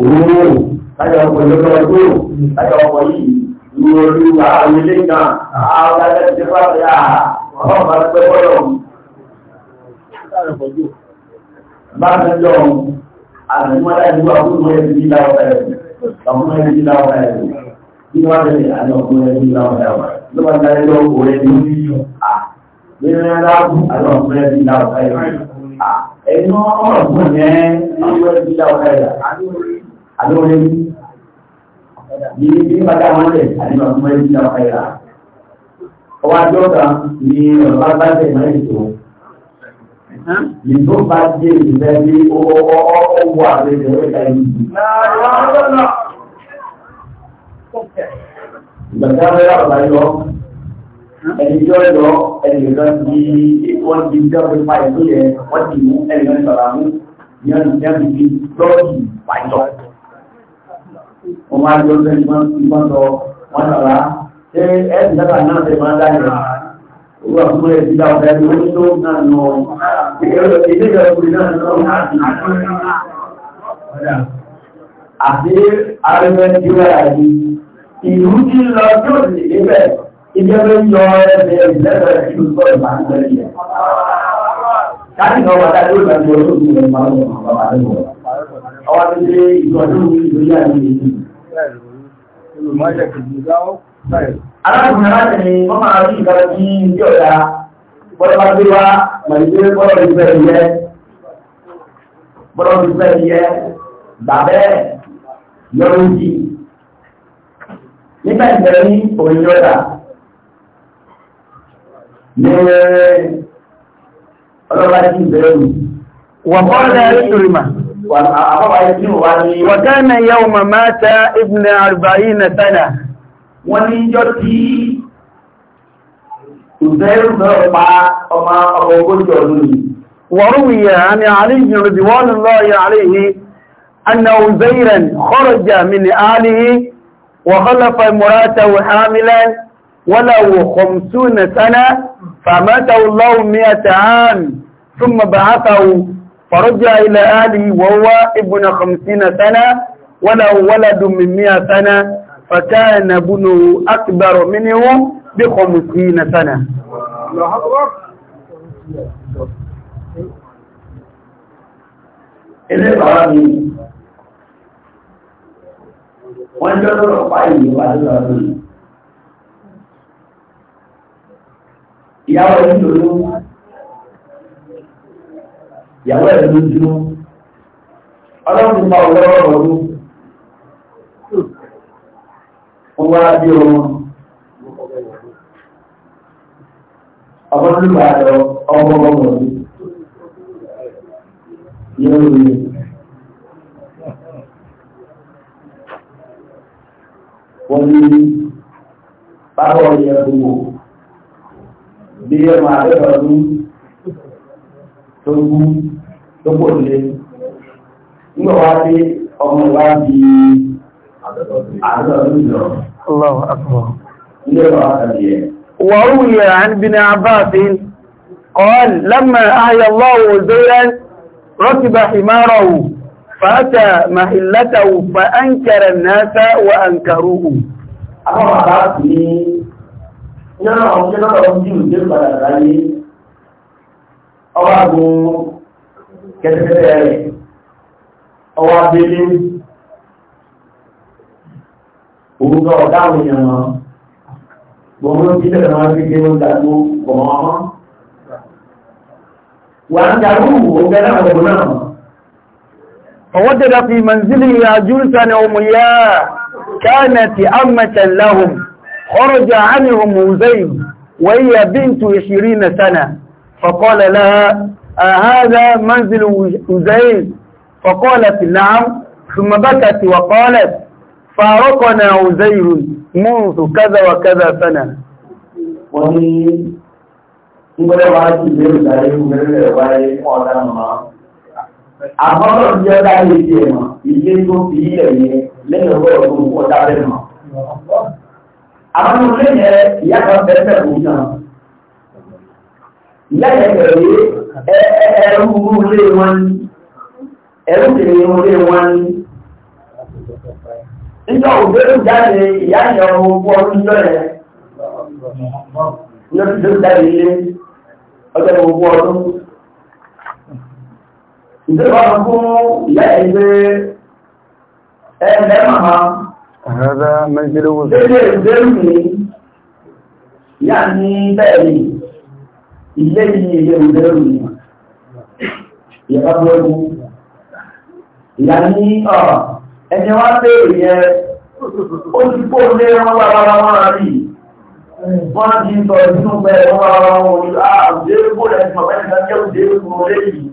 Speaker 2: òwúrò káyọ̀ ọkọ̀ ìjọba ọjọ́
Speaker 1: káyọ̀ ọkọ̀ yìí ní orí àwọn ilé kan àwọn adájọ́ ti fà yà ọ̀rọ̀ bá pẹ́ bọ́lọ̀. Bákan jọ àtìmọ́lá ìlú àkúrò ẹni ní láwọn ẹ̀rọ ọkùnrin ẹni ní láwọn ẹ̀rọ bí wọ́n tẹ̀lé àti ọkùnrin ẹni ní láwọn ẹ̀rọ ló bá dáre lọ kò rẹ̀ ní ìrìn aláàbù àti ọkùnrin ẹni ní láwọn ẹ̀rọ ẹni ọ̀rọ̀ fún ẹ̀ ọkùnrin ẹni ní láwọn ẹ̀rọ ni àdúgbòlé ní ní bàtà wọn lẹ̀ àdìmọ̀ fún ẹni tí a fẹ́ rà ọwọ́ àjọ kan ní ọ̀rọ̀ bá bá tẹ̀ mọ́ ètò ìlú bá dé ìlẹ́ bí owó àbẹ̀rẹ̀ ẹ̀ka ìlú. Ìgbàgbọ́ ẹ̀rọ àbáyọ ẹni tí ó lọ ẹni lọ sí wọ́n ti dẹ́kun pa ìlú yẹn wọ́n ti mú ẹni lọ sọ̀rọ̀ àmú ní ọ̀nà ìjẹ́bi bíi lọ́ọ̀dì pàjọ́ wọ́n máa jọ pé ìbọn sọ wọ́n sọ̀rọ̀ ṣé ẹ̀sìn dábà náà ṣe máa dáyẹ̀ owó àkúrẹ́ ìdílé ọ̀dà ẹni wọ́n tó náà nù ọ́ ilé ìjọba náà nù ọ́ àti arẹ́fẹ́ tí ó rà yìí ìlú tí lọ tó sì níbẹ̀ ìjọba yọ ẹgbẹ́ ìlẹ́fẹ́ tí ó sọ ìbá ń tẹ̀lé yẹn. Káàkiri náà wọ́n dájú ìgbàgbọ́ olóògùn Arákùnrin láti ni wọ́n máa rí ìgbàra sí ilé ọ̀dá bọ́lọ́bá tí wá màìlé bọ́lọ́ ìgbẹ́ ìyẹ́. Bọ́lọ́ ìgbẹ́ ìyẹ́ bàbẹ́ yọrù jì. Nígbà ìgbẹ́ ní òun yọ́dà ní ọlọ́bá tí ìgbẹ́ ìyẹ́. Wọ̀n kọ́ وكان يوم مات ابن أربعين سنة ونجد وروي عن علي رضوان الله عليه أن زيرا خرج من أهله وخلف امراته حاملا ولو خمسون سنة فماته الله مئة عام ثم بعثه فرجع إلى أهله وهو ابن خمسين سنة وله ولد من مئة سنة فكان ابنه أكبر منه بخمسين سنة ilé ìyàwó ẹ̀ ló dúró ọlọ́run pa wọ́n báwọ̀ bí ẹ máa rẹ̀ ọdún tó gún lókò ilé ní wá sí ọmọ قال لما أهي الله وزيلا ركب حماره فأتى محلته فأنكر الناس وأنكروه أما ما بعثني يرى أمكنا kẹtẹkẹtẹ rẹ̀ ọwọ́ abẹ́lé òwúrọ̀ ọ̀dáhùn yàn án gbọmọ́ tí lẹ́rọ wọn fi gbẹ́wọ́n dàgbó gbọmọ́ ọmọ wà ń dàrú ògbẹ́ náà ọgbọ̀n náà فوجد في منزله عجوزا عمياء كانت أمة لهم خرج عنهم وزيب وهي بنت عشرين سنة فقال لها هذا منزل عزيز فقالت نعم ثم بكت وقالت فارقنا عزير منذ كذا وكذا سنة Àkọ́kọ́ ti ọdá ilé ti ẹ̀mọ̀, ilé tó fi ilẹ̀ yẹ lẹ́yìn ọgbọ́ ọdún ọdá lẹ́mọ̀. Àwọn olóyìn ẹ̀ ìyá kan bẹ̀rẹ̀ pẹ̀lú náà. Ìyá ẹ̀ ẹ̀rù lé wọn ní ẹ̀rù lè lé wọn ní nígbà òbẹ́rù jáde ìyá ìyàwó ọdún jọ yẹn ní ọdún ilé ọjọ́ ogún ọdún ìjọba fún ẹgbẹ́ ni, ní الذي يدروني يقبله يعني اه ẹni wá bèèrè yẹn ó ti kó lé wọn lára wọn rí wọ́n ti sọ ìdínú pẹ́ wọ́n lára wọn rí ààbùdé ah, kó rẹ̀ ti mọ̀bẹ́ ìgbà jẹ́ òdé kó lé yìí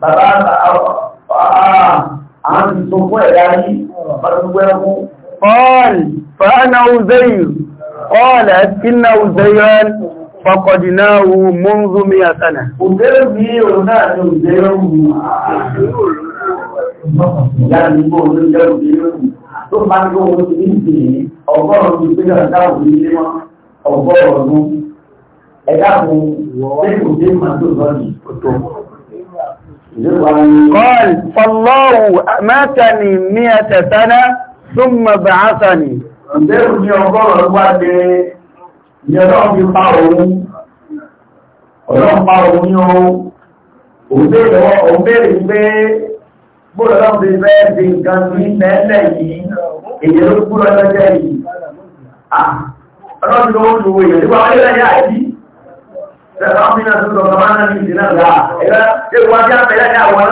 Speaker 1: bàbá àwọn قال فأنا أزير قالت إن أزيرا fọkọ̀dínáwó mọ́nzúmí àtànà. Òbẹ́rẹ́ bí i ọ̀rọ̀ náà ni òbẹ́rẹ́ òun ìyá ìgbò ní ọ̀tọ̀. Qal fallahu amatani ni ọgọ́rùn-ún wá dé ìyẹn náà fi pa òun ọlọ́run pa òun ní ohun ọmọ náà ní ìdínà gbà. Ẹgbẹ́ wájú àpẹẹrẹ ní àwọn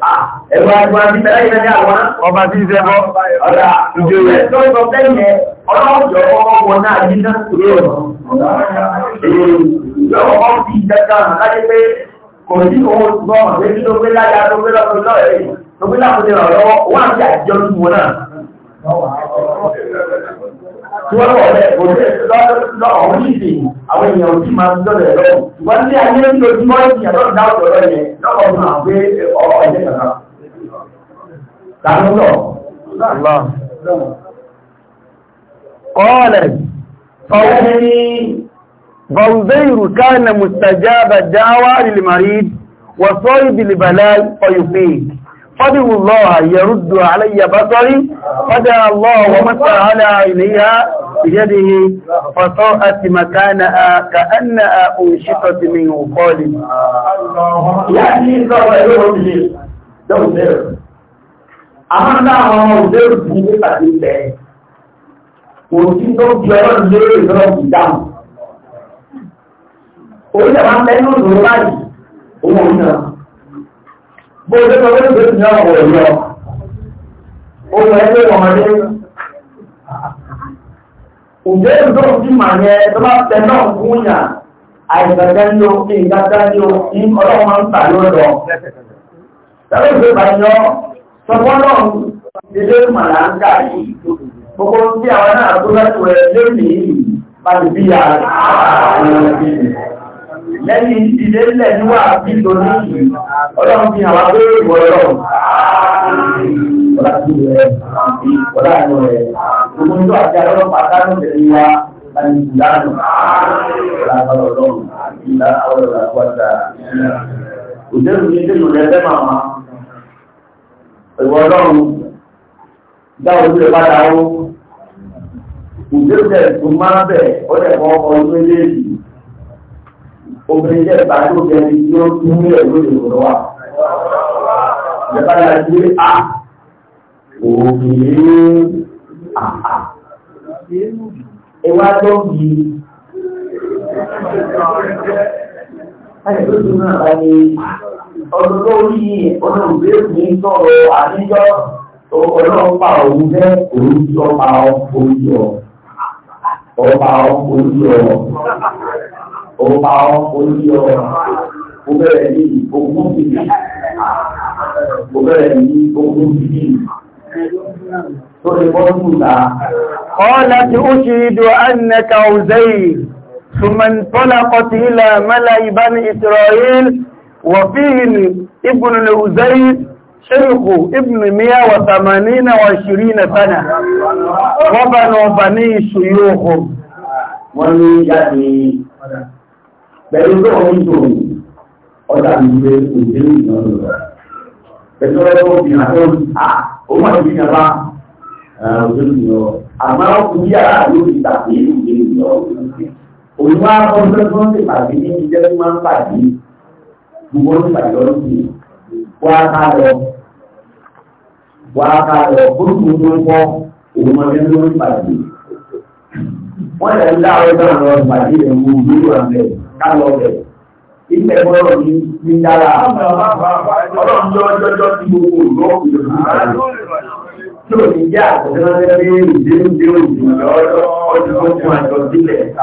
Speaker 1: náà. Ẹgbẹ́ wájú àpẹẹrẹ ní àwọn náà. Ọba tí ń ṣẹbọ. Ọ̀dà ìjòyè. Ẹgbẹ́ tó ọlọ́jọ́ ọmọ náà yí náà kúrò ọ̀nà ìjọba fi jẹta láyé pé kò sí owó gbọ́ ọ̀rẹ́ tí ó gbé láyá tó gbé lọ́pọ̀ lọ́rẹ̀ tó gbé lápò lẹ́rọ̀ lọ́wọ́ wà ní àjọ tí wọ́n náà
Speaker 2: tí wọ́n lọ́wọ́ rẹ̀ kò sí lọ́wọ́ ní ìsìn àwọn èèyàn ò sí máa ń lọ́rẹ̀ lọ́wọ́ ṣùgbọ́n
Speaker 1: ní ayé ń lo tí wọ́n ti àtọ́ ìdáwọ̀ lọ́rẹ̀ yẹn lọ́wọ́ قالت فوزير كان مستجاب الدعوة للمريض وصيد البلاء فيفيد فدعو الله يرد علي بصري فدعا الله ومسى على عينيها بيده فطاءت مكانها كأنها أنشطت من وقالي يعني لو زير أنا هو زير òtí tó fi ọlọ́run lérè lọ́rọ̀ kì í dáhùn. Oríṣi àwọn akẹ́kẹ́ ló lòó báyìí, owó orí náà. Bó o lọ́wọ́ ló ti ní ọ̀pọ̀ ẹ̀yọ.
Speaker 2: Ohun ẹgbẹ́ ọmọdé.
Speaker 1: Òjò èrò tó ń dìmà yẹn tó bá tẹ náà fún yà àìsàgbẹ́ ní o, ní ìdájá ní o, ní ọlọ́run máa ń tà lọ́dọ̀. Tẹ́lẹ̀ ìgbé bàyọ̀ sọ fọ́nà ilé màlá ń dà yìí gbogbo tí àwọn náà tó lẹ́tù rẹ̀ lónìí láti bí
Speaker 2: lẹ́yìn ìdílé lẹ̀ níwà bí tó ní ọlọ́run fi àwọn pé ìwọ̀ ọlọ́run
Speaker 1: ọlá sí rẹ̀ ọlá àánú rẹ̀ màmá ìwọ̀ ọlọ́run dáwọn ojú rẹ̀ padà ó ìdókè tó máa bẹ̀ ó lè kọ́ ọkọ̀ ojú méjèèjì obìnrin jẹ́ ìbájú obìnrin tí ó tún ní ẹ̀rọ ìrọ̀lọ́ wa ìjọba ti a òmìnirí àhà ìwà tó yí ẹ̀rọ ìrọ̀lọ́ ni ọdún tó yí ọdún ìgbésùn ọlọ́pàá òun jẹ́ orúkọ ọba orí ọ̀ ọba orí ọ̀ ọba orí ọ̀ ó bẹ̀rẹ̀ ní ogún bìbì ó bẹ̀rẹ̀ ní ogún bìbì
Speaker 2: tó lè bọ́ sí ìlà. Kọ́lá ti ó ṣe ìdò
Speaker 1: Annaka Ozei, Ṣùgbọ́n tọ́lá kọtí ilẹ̀ mẹ́lá ìbáni Ìsìrọ̀yìn, wọ̀fíìn ìbùnulẹ̀ Ozei, شيخ ابن مئة وثمانين وعشرين سنة وبنوا بني شيوخهم
Speaker 2: ومن جهني
Speaker 1: pẹ̀lú tó wọ́n tó ọjà ìgbé òjèlú ìjọba pẹ̀lú ọjọ́ òbí àwọn ọmọ ìbí ìjọba òjèlú ìjọba àmọ́ ọkùnrin yára ló ti tàbí òjèlú ìjọba òjò àkọsílẹ̀ tó ń ti pàdé ní ìjẹ́ tó máa ń pàdé gbogbo ń pàdé ọdún wá ká lọ wàá ka lọ bóṣù tó ń kọ́ òun máa ń lọ ìpàdé. wọ́n lè ń dáwọ́ náà lọ ìpàdé rẹ̀ mú lórí àmì ká lọ bẹ̀. ìgbẹ́ gbọ́dọ̀ ní ní dára. ọlọ́run jọ jọjọ ti gbogbo ìlú ọ̀gbìn tí ò ní jẹ́ àkọsílẹ̀ ní ìdílé òjò ọdún tó fún àjọ sílẹ̀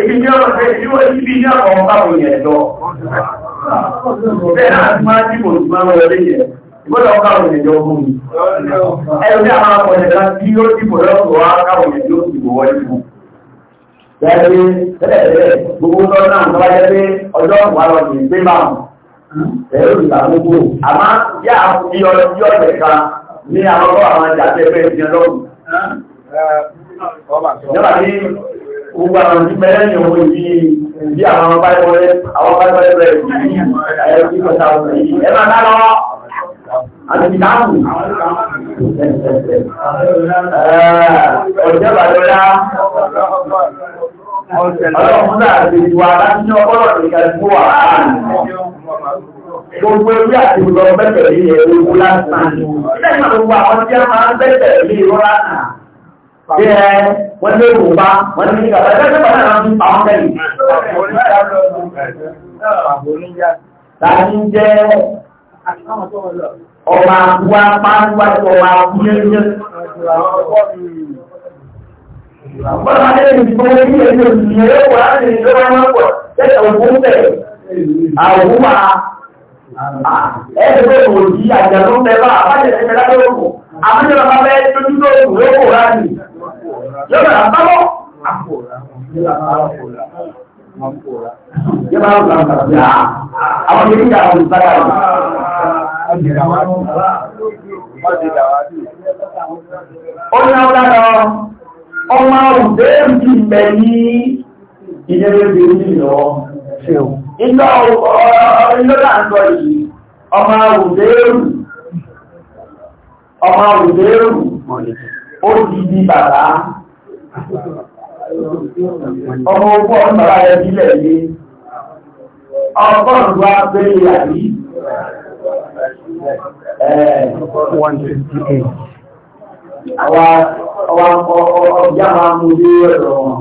Speaker 1: Ebi ní ọ̀rọ̀ ṣe ìlú ìbí ní àwọn ọmọ báwo yẹn lọ. Bẹ́ẹ̀ náà ti máa dìbò tí máa wọlé yẹn gbọ́dọ̀ káwọn ènìyàn ogun mi ẹ̀rọ ní àwọn akọ̀ọ̀lẹ̀ kan tí ó dìbò lọ́pọ̀ wá káwọn ènìyàn ó dìbò wọlé fún Gẹ́gẹ́ tẹ́lẹ̀tẹ́lẹ̀ gbogbo tọ́ náà tọ́wá jẹ́ pé ọjọ́ wà lọ sí pé máa ẹ̀rọ ìgbà gbogbo. Àmá yá fi ọjọ́ ọ̀sẹ̀ kan ní àwọn ọlọ́ àwọn ìjà tẹ́ pé ìjẹ lọ́rùn. Nígbà tí gbogbo àwọn tí mẹ́rẹ́ ní owó yìí bí àwọn báyìí wọlé àwọn báyìí wọlé rẹ̀ yìí ẹ̀rọ ìgbà
Speaker 2: àtìdáàbù eh, ọ̀jẹ́ bàdọ́lá ọlọ́run náà lè wà láti ọpọlọ ìgbàlùkú wà gbogbo ewé àti ìlọ bẹ́tẹ̀ ní ẹ̀rọ ewu lásán lẹ́yìn gbogbo àwọn tí a máa ń bẹ́tẹ̀ ní ìlú lásán
Speaker 1: bí ẹ wọ́n lé wò bá wọ́n ní ìgbà bá ẹgbẹ́ bá náà ń pa wọ́n lẹ́yìn. Tàbí jẹ́ ọba wa pàápàá ọba kúlẹ̀lẹ̀. Bọ́lá lè ní fún orí ẹgbẹ́ òṣìṣẹ́ yóò wà ní ìjọba mọ́pọ̀ tẹ́tẹ̀ òkun tẹ̀ àwúwà ẹgbẹ́ òjì àjẹ̀lú mẹ́fà àbájẹ̀ ẹgbẹ́ lábẹ́ òkú. Àbájẹ̀ bàbá bẹ́ tójú tó òkú yóò kò rá ní.
Speaker 2: Yóò rà bábọ́.
Speaker 1: Yóò rà bábọ́. Àwọn ìgbà àwọn ìgbà Ó ní ọlára ọmọ òbẹ́rù ti pẹ̀ ní ìdẹ́rẹ́bẹ̀ ìlọ. Iná ìlọ́láńtọ̀ yìí, ọmọ òbẹ́rù, ọmọ òbẹ́rù, ó ti di bàbá. Ọmọ ogún ọmọ ara ẹbílẹ̀ ní
Speaker 2: ọgọ́rùn-ún wá pé
Speaker 1: 128. Àwọn ọjà máa mú ní ẹ̀rọ wọn.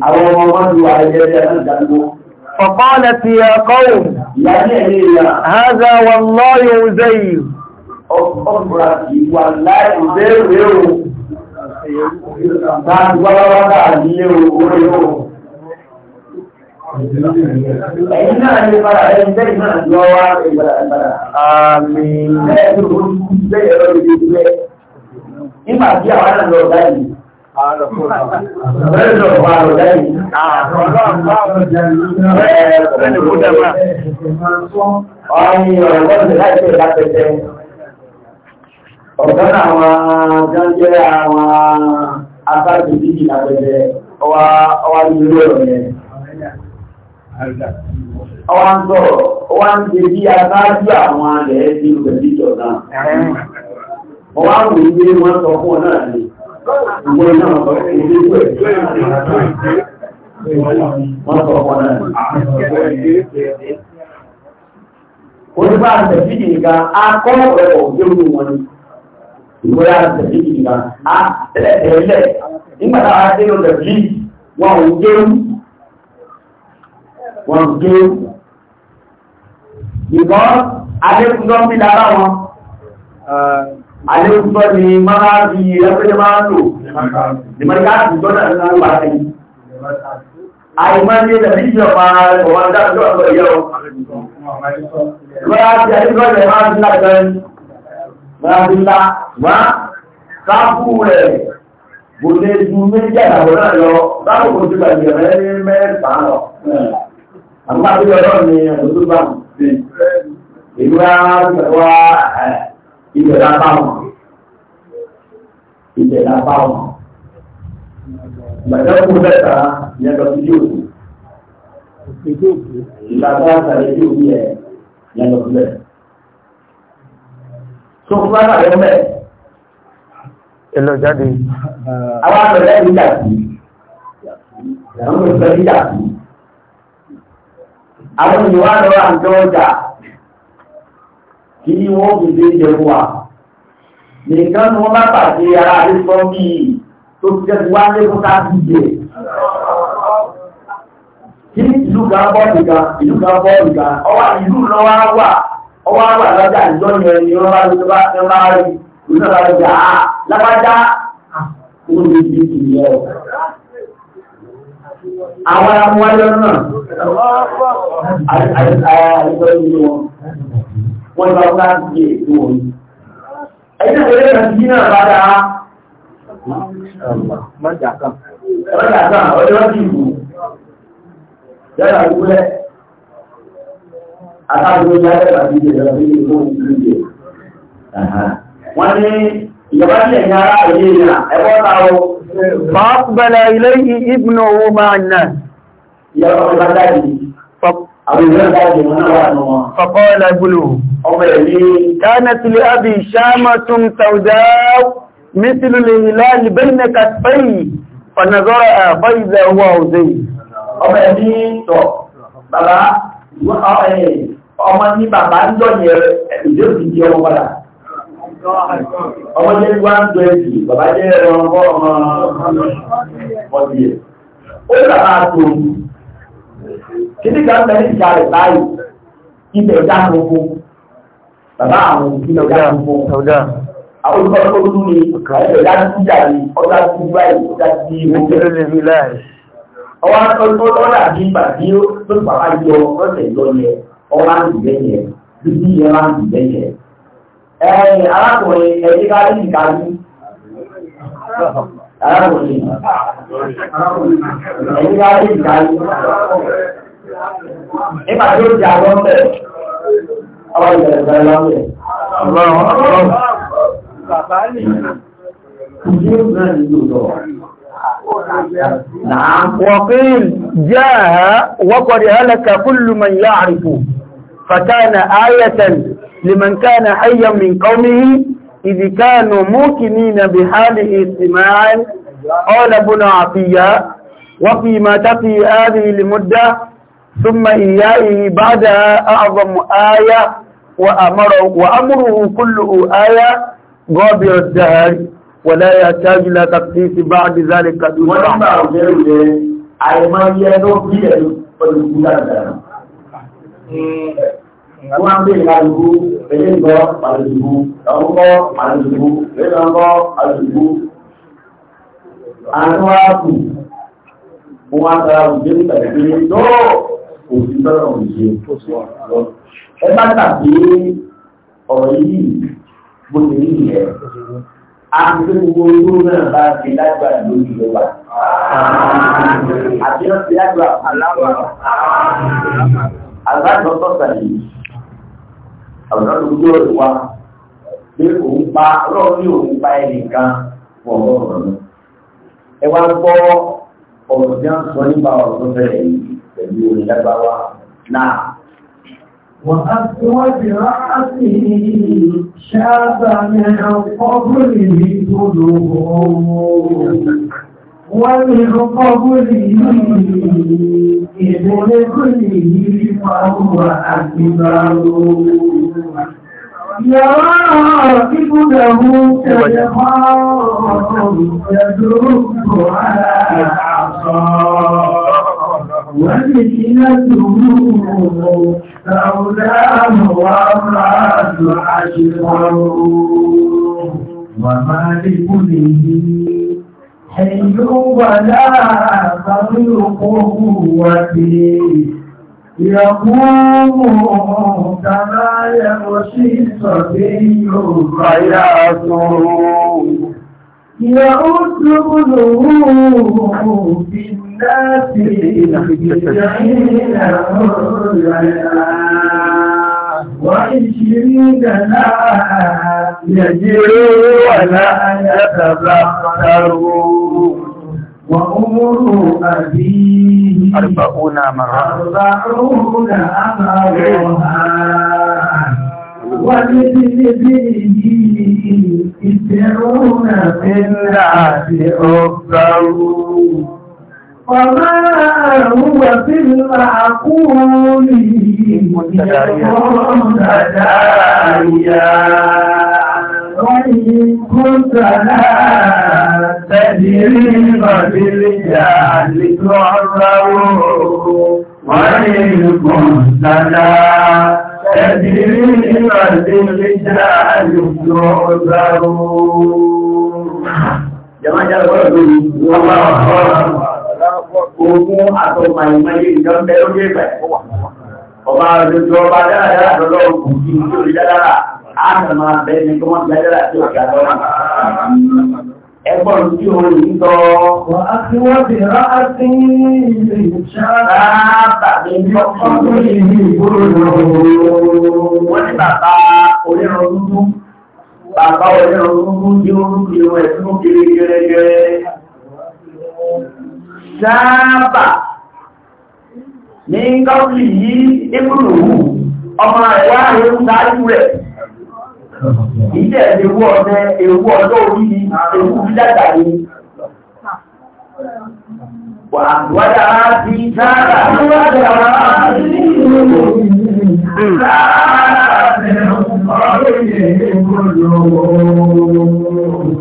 Speaker 1: ya ọmọ ya ti wà ẹgbẹ́ ẹgbẹ́ فقالت يا قوم هذا والله عزير والله عزير
Speaker 2: Ẹ̀yin náà ní bára ẹni bẹ́ẹ̀ náà lọ wá ìbára ìbára. Àmì. Bẹ́ẹ̀ ni òun
Speaker 1: kú bẹ́ẹ̀ lọ lè lè Nígbà tí àwọn náà lọ ọ̀dá yìí. Bẹ́ẹ̀ lọ wà ọ̀dá yìí. Bẹ́ẹ̀ ni kó dàgbà.
Speaker 2: Ọ̀yin ọ̀rọ̀ lọ́sẹ̀ láìpẹ́ ìdápẹ́tẹ́.
Speaker 1: Ọ̀gá àwọn jẹ́ àwọn afárá ìdíjì lápẹ́tẹ́ ọwá ilé ọ̀rọ̀ yẹn. Ọwá ń sọ̀rọ̀, ń ṣe bí aṣáájú àwọn alẹ̀ ẹ̀sìn ìgbẹ̀lẹ́jọ̀ náà. Ọwá ń wèé pé wọ́n sọ fún náà ni, ìwọ̀n náà sọ fún ilé ìwẹ̀. Onígbà àtẹ̀fíjì nìkan, a kọ́ ọ̀rẹ́ ọ̀gbẹ́rún wọn ni. wọ́n gé ìbọn adékúndọ́ ń bí lára wọn adékúndọ́ ni máa bí ẹgbẹ́jẹ́ máa lò ìmọ̀lẹ́ká àtúndọ́ náà ń lọ́wọ́ àti àìmọ́ ní ẹ̀lẹ́bí ìjọba ọ̀wọ́n dáadọ́ ọ̀rọ̀ yẹ́ ọ Ìgbọ́ra ti àdíkọ́ rẹ̀ máa ń lágbẹ́ máa ń lá wá sáàpù rẹ̀ bò lè ju méjì àtàwọn náà lọ sáàpù kò ti gbàgbẹ̀ mẹ́rin mẹ́rin pàá lọ amma a duka ni ne a duka ba ìlú àgbẹ̀wá ìbẹ̀lá báwọn ìbẹ̀lá báwọn gbàdẹ́kùn mẹ́ta ní ẹgbẹ́ tó yóò tó ìlànà àtàlẹ́ yóò ní ẹ̀ ní ẹgbẹ́ tó lẹ̀ tó fún àtàlẹ́ mẹ́ èlò jáde àwọn àtàlẹ́ ìjà sí àwọn ìfẹ́ ìjà sí àwọn ìwà lọ́wọ́ àjọ ọjà kí ni wọ́n fi dé ìjẹ nìkan ni wọ́n bá pàdé ara rí sọ bí tó ti jẹ́ wá lé fún káàkiri jẹ kí ìlú ga bọ́ nìkan ìlú ga bọ́ nìkan ọwá ìlú lọ́wọ́ wà ọwọ́ wà lọ́jà ìjọ bá bá rí ìlú lápájá òun ni ìdí àwọn amúwájọ́ náà àìsọ́ ìlú wọn wọ́n bá bá gbé ètò òní ẹ̀yìn náà lórí ẹ̀rọ sí náà bára mọ́jà kan ọjọ́ sí ìlú yára ìgbẹ́ àtàgbé yára àti ìjẹ̀rẹ̀ sí ìlú ìlú wọ́n ní ìjọba sí ẹ̀yìn ara ìlú ìlú ẹ̀kọ́ فأقبل إليه ابنه مع الناس فقال ابنه كانت لأبي شامة سوداء مثل الهلال بين كتفيه فنظر فإذا هو عزيز ọmọ ní bàbá ń dọ̀yẹ̀ ìdí òsì jẹ́ ọmọ padà Ọmọ jẹ́ wá bàbá jẹ́ ẹran ọmọ ọmọ ọdí ẹ̀. Ó yẹ bàbá tó ká ń ìjà rẹ̀ báyìí, ibẹ̀ ìjà gbogbo. Bàbá àwọn ìpínlẹ̀ ìjà gbogbo. Àwọn olùkọ́ tó ní ọjà ti
Speaker 2: ẹ̀yìn arákùnrin
Speaker 1: ẹ̀yí bá ní ìkàlú arákùnrin ẹ̀yí bá ní ìkàlú nípa tí ó ti àwọn ọ̀pẹ̀ ọwọ́ ìbẹ̀rẹ̀ lọ́wọ́ Bàbá ní ìlú náà nínú lọ. وقيل جاء وقد هلك كل من يعرف فكان آية لمن كان حيا من قومه إذ كانوا موقنين بحاله استماعا قال ابن عطية وفيما تقي هذه المدة ثم إيائه بعدها أعظم آية وأمره, وأمره كله آية غابر الدهر ولا يحتاج إلى تقديس بعد ذلك دون رحمة wọ́n ń pè lálùkú ilé ìgbọ́ àlùkú ọgbọ́ àlùkú ìlọ́gbọ́ àlùkú àwọn ààbù wọ́n tara òjé tàbí lọ́rọ̀ òjì tọ́rọ òjì ẹ bá tàbí ọ̀rọ̀ yìí bó ti rí ìyẹ́ àti gbogbo ojú náà bá ti lágbà lórí ìjọba àti wọ́n ti lágbà aláwọ̀ tọ́ta yìí àwùjọ tó gbé òun wá pé òun pa ọlọ́run ní òun pa ẹnìkan fún ọgọ́rùn-ún ọdún. ẹ wá gbọ́ ọ̀rọ̀ tí wọ́n sọ nípa ọ̀rọ̀ tó fẹ́rẹ̀ yìí pẹ̀lú onílágbáwá náà. Wọ́n á ti wọ́n ti rárá sí ṣáàbà mẹ́ta ọgọ́rùn-ún ìlú tó lò wọ́n. ومن قبله إذ لكله فهو أكبر يراقبه شيطان يدله على عصاه وفتنته أولام وأمرأة عشره ومالك به حي ولا طريق قوته يقوم كما يمشي الصبي فيصوم يعد له في الناس حين وعشرين لا يجري ولا يتبخر وأمره أبيه أربعون مرة أربعون أمرها ولبنبه إسرون بالله أكبر وما هو في المعقول متداريا وإن كنت لا تدري ما بالرجال تعذب وإن كنت لا تدري ما بالرجال تعذب Jọmọ́ jẹ́ ọgbọ́n lórí wọ́n bá ọ̀pọ̀ ogun àtọ̀mà ìmọ̀lẹ́ ìjọ ń bẹ lórí ẹ̀bẹ̀. Ọba ọdún tó ọba dáadáa lọ́lọ́ òkú kí n tó dáadáa àtàmà bẹ́ẹ̀ni tó wọ́n gbẹ́rẹ́ àti ọ̀gá lọ́nà. Ẹgbọ́n tí ó rí ń tọ́. Wà á ti wọ́n ti rá á sí ilé ìṣára. Tàbí ní ọkọ̀ tó lè ní ìgbóró lọ́wọ́. Wọ́n ní bàbá onírun dúdú. Bàbá onírun dúdú ní orúkú ìwọ̀n ẹ̀sùn kiri gẹ́gẹ́. Sáàbà ní Gọ́ọ̀lì yìí, Ibùdó, ọmọ Ìjẹ́ ewu ọ̀dẹ, ewu ọ̀dọ́ orí ni, ewu dídàgbà ni.
Speaker 2: Wàdà sí sára, wàdà sí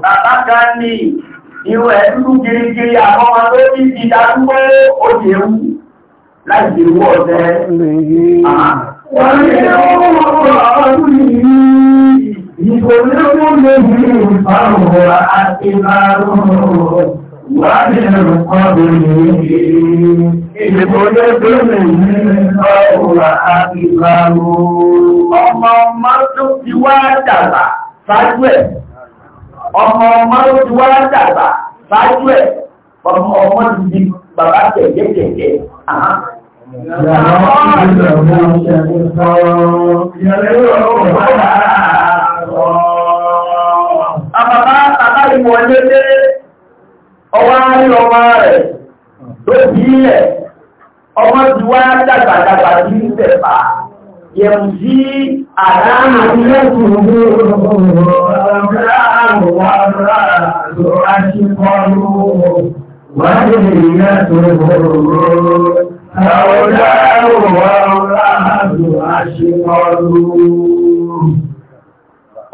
Speaker 1: Bàbá kan ní ìwẹ̀ dúdú gírígírí àwọn ọmọ tó ní ìdádúgbò òjì ewu láì ìwọ̀ ọ̀dẹ́. Wọ́n ní ọmọ ọdún
Speaker 2: yìí
Speaker 1: Ìfòlúkú méjì ìfàwọ̀ àti márùn-ún wà nínú ọdún yìí. Ìfòlúkú méjì ìfàwọ̀ àti márùn-ún. Ọmọ ọmọ tó ti wá dàgbà ṣáájú ẹ̀. Ọmọ ọmọ tó ti wá dàgbà ṣáájú ẹ̀. Ọmọ ọmọ ti di bàbá kẹ̀kẹ́kẹ̀kẹ́. Ìyàwó ìjọba ṣe ń sọ ìyàlẹ́yọ̀ ọ̀rọ̀ rí wọn lédé
Speaker 2: ọwá rí ọmọ
Speaker 1: rẹ̀ tó bí ilẹ̀ ọmọ ti wá dàgbàdàgbà sí ìtẹ̀fà yẹ̀mù sí àdáhùn ilẹ̀kùn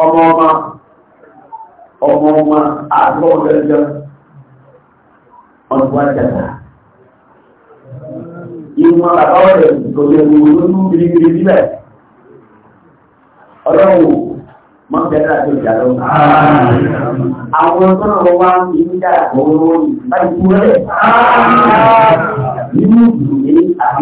Speaker 1: Ọmọ ọmọ ọmọ ọmọ àgbọ̀ ọ̀dẹ́jọ́ ọdún àjàdà. Ìwọ̀n bàbá ọ̀rẹ́ kò lè wò lórí gírígírí nílẹ̀. Ọlọ́wọ̀ máa ń bẹ̀rẹ̀ àti ìjà lọ. Àwọn tọ́nà wọn wá ń fi dá àgbọ̀wọ́ báyìí kú rẹ̀. Nínú ìdílé àti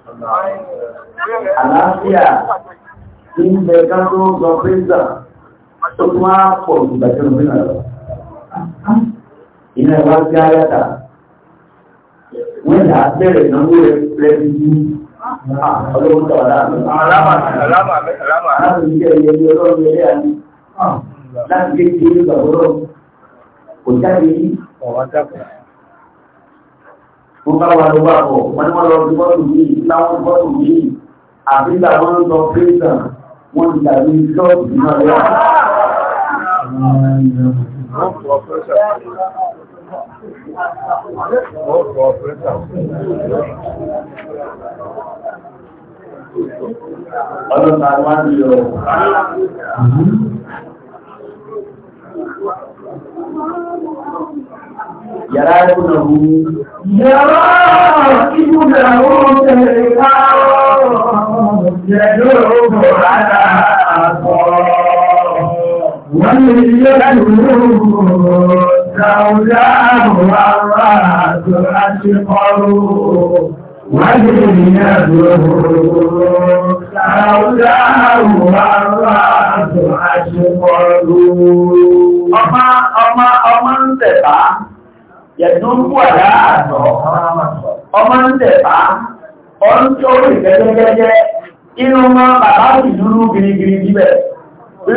Speaker 1: àlàáfíà tí ń bẹ káńtó lọ pínzà tó tún á pọ̀ ìgbà tí ó rìnà lọ. Iná ẹ̀wá sí ayáta. Wọ́n yà á bẹ̀rẹ̀ náwó rẹ̀ lẹ́bi ní ah, ọlọ́run tọ̀ láàmú. Àlámà ah, àlámà àlámà. Láti ní kẹ́rin ẹni ọlọ́run ẹlẹ́ àní. Ah, láti kékeré ìgbà ọlọ́run kò jáde yìí. Ọ̀wá jákòó wọ́n bá wà lọ́wọ́ àpọ̀ wọ́n ni wọ́n lọ sí bọ́ọ̀lù yìí láwọn bọ́ọ̀lù yìí àbí làwọn lọ pírẹ́sà wọ́n ti dàbí ṣọ́ọ̀bù náà yá. Ọlọ́run
Speaker 2: yàrá ìbùnà
Speaker 1: wù. Yàrá ìbùnà wù tẹ̀lé káàrọ̀ yẹ̀dọ̀ ògbò rárá àtọ̀. Wọ́n lè yẹ kúrò dáúdá àwárá àtọ̀ àti kọrù. Wọ́n lè yẹ kúrò dáúdá àwárá àtọ̀ àti kọrù. Ọmọ ọmọ ọmọ ń tẹ̀bá yẹ̀dúnkù àdá àtọ̀ ọmọ ń tẹ̀bá ọdún tí ó rí gẹ́gẹ́gẹ́gẹ́ inú mọ́ bàbá sì dúró gírígírí bíbẹ̀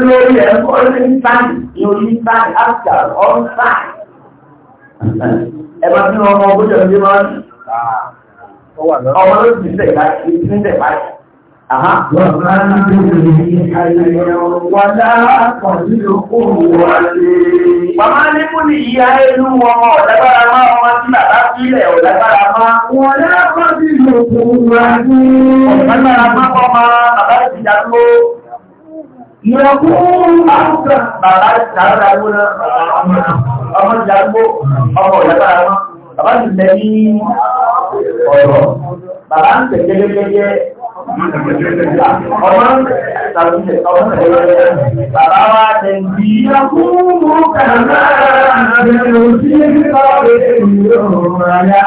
Speaker 1: lórí ẹ̀ orí ń sáàdì ní orí ń sáàdì áfíà ọdún sáàdì ẹ̀bá tí wọ́n mọ ọgbọ́jọ́ ní máa ń ọmọ ló ti tẹ̀ وما بني حي ولا قلقه ولي Màmá ní kú ní ìyá inú ọmọ ọ̀lágbára máa ọmọ tí bàbá sílẹ̀ ọ̀lágbára máa. Wọ́n lápá sí ìlòkù wà ní. Ọ̀lágbára máa kọ́ máa bàbá ti dàgbó. Ìyàkú àkùkà bàbá tààrà dàgbó náà. Ọmọ ti dàgbó ọmọ ọ̀lágbára máa. Bàbá ti lẹ́ ní ọ̀rọ̀. Bàbá ń tẹ̀lé gẹ́gẹ́ Bàbá wa tẹ̀lé ìyàkúrú kàná àbẹ̀rẹ̀ sí ìgbàwé ìrọ̀rùn àyà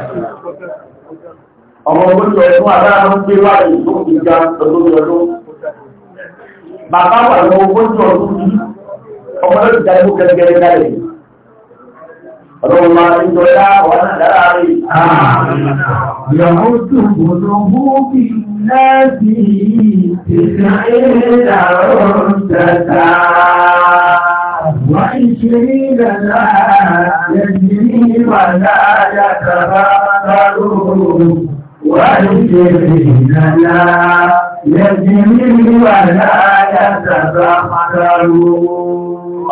Speaker 1: àbúrò ọmọ olóòtú ẹ̀fún adára ń gbé láàrin tó ti ga olóòtú ọdún bàbá wà ní ogójì ọdún yìí ọmọ olóòtú ìjà ìlú gẹ́gẹ́rẹ́ gáyẹ̀ ọlọ́run máa ń jọ dá ọ̀wá náà dára rí ìyàwó tó gbọ́dọ̀ mú kí وَأَنْزِلْنَا يَجْرِي وَلَا يَتَذَكَّرُوا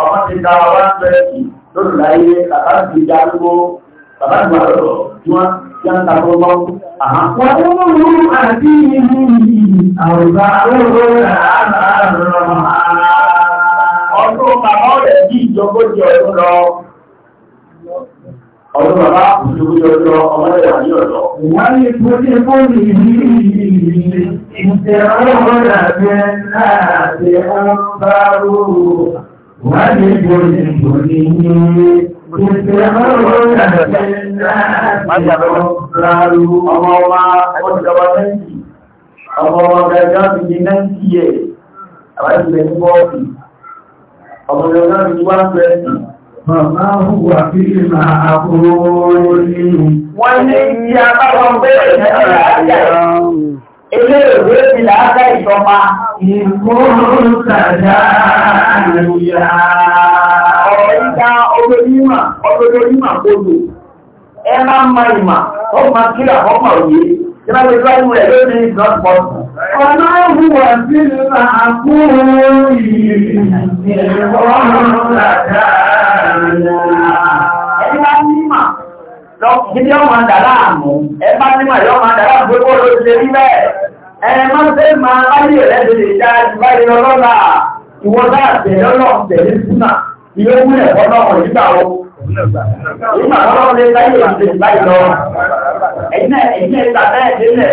Speaker 1: Ọmọ ti ta ọwá pẹ́ẹ̀kì lórí láyé kàtà sí ìjà lógbó, bàbá ìgbà lọ́rọ̀ tí wọ́n yá ń ta fún ọmọ. Àwọn ọmọ
Speaker 2: òun àti ìlú àwùgbà lóòrò àárọ̀
Speaker 1: ọdún bàbá ọ̀rẹ́ bí ìjọgbó jẹ́ ọdún lọ
Speaker 2: ọdún bàbá òṣèlú ọjọ́ ọmọdé àní ọ̀dọ́. Wọ́n ní kó
Speaker 1: ní kó ní ìlú ìtẹ̀wọ́n àbẹ́ láti ọ̀bárò. Wọ́n ní kó ní kó ní ìtẹ̀wọ́n àbẹ́ láti ọ̀bárò. Ọmọ ọmọ ọdúnkọba mẹ́jì, ọmọ ọmọ gẹ́gẹ́ bí i náìjíríẹ̀, àwọn ìgbẹ̀ ní bọ́ọ̀lù, ọmọ ìgbẹ̀ ní Bàbá hùwà bí máa àbúrò nínú. Wọ́n ní kí a bá wọn pé ìrìnàjò àjẹ́. Ilé ìwé ti láàbẹ̀ ìjọba. Ìgbóhùn tàjá àlùyà. Ọ̀rọ̀ ìta olóyìnmọ̀, olóyìnmọ̀ gbogbo. Ẹ máa ń ma ìmọ̀, ó máa kílà, ó máa òye. Ìbáwí ìbáwí rẹ̀ lórí ìgbọ́n pọ̀. Ọlọ́run wà sí àkúrò ìrìnlọ́rùn Jíjẹ́ ọmọ àdàrà àmú, ẹbá nímọ̀ yọ ọmọ àdàrà gbogbo ló ṣe rí bẹ́ẹ̀. Ẹ̀rẹ máa ṣe máa láyé rẹ̀ lè dá ìgbà ìrọ̀ lọ́la ìwọ́dá àtẹ̀lọ́lọ́ tẹ̀lé súnà ilé wúlẹ̀ fọ́nà ọ̀rọ̀ nígbà wọn. Ìgbà wọn lè láyé ìgbà ìlọ. Ẹ̀yìn ẹ̀yìn ẹ̀ta bẹ́ẹ̀ délẹ̀.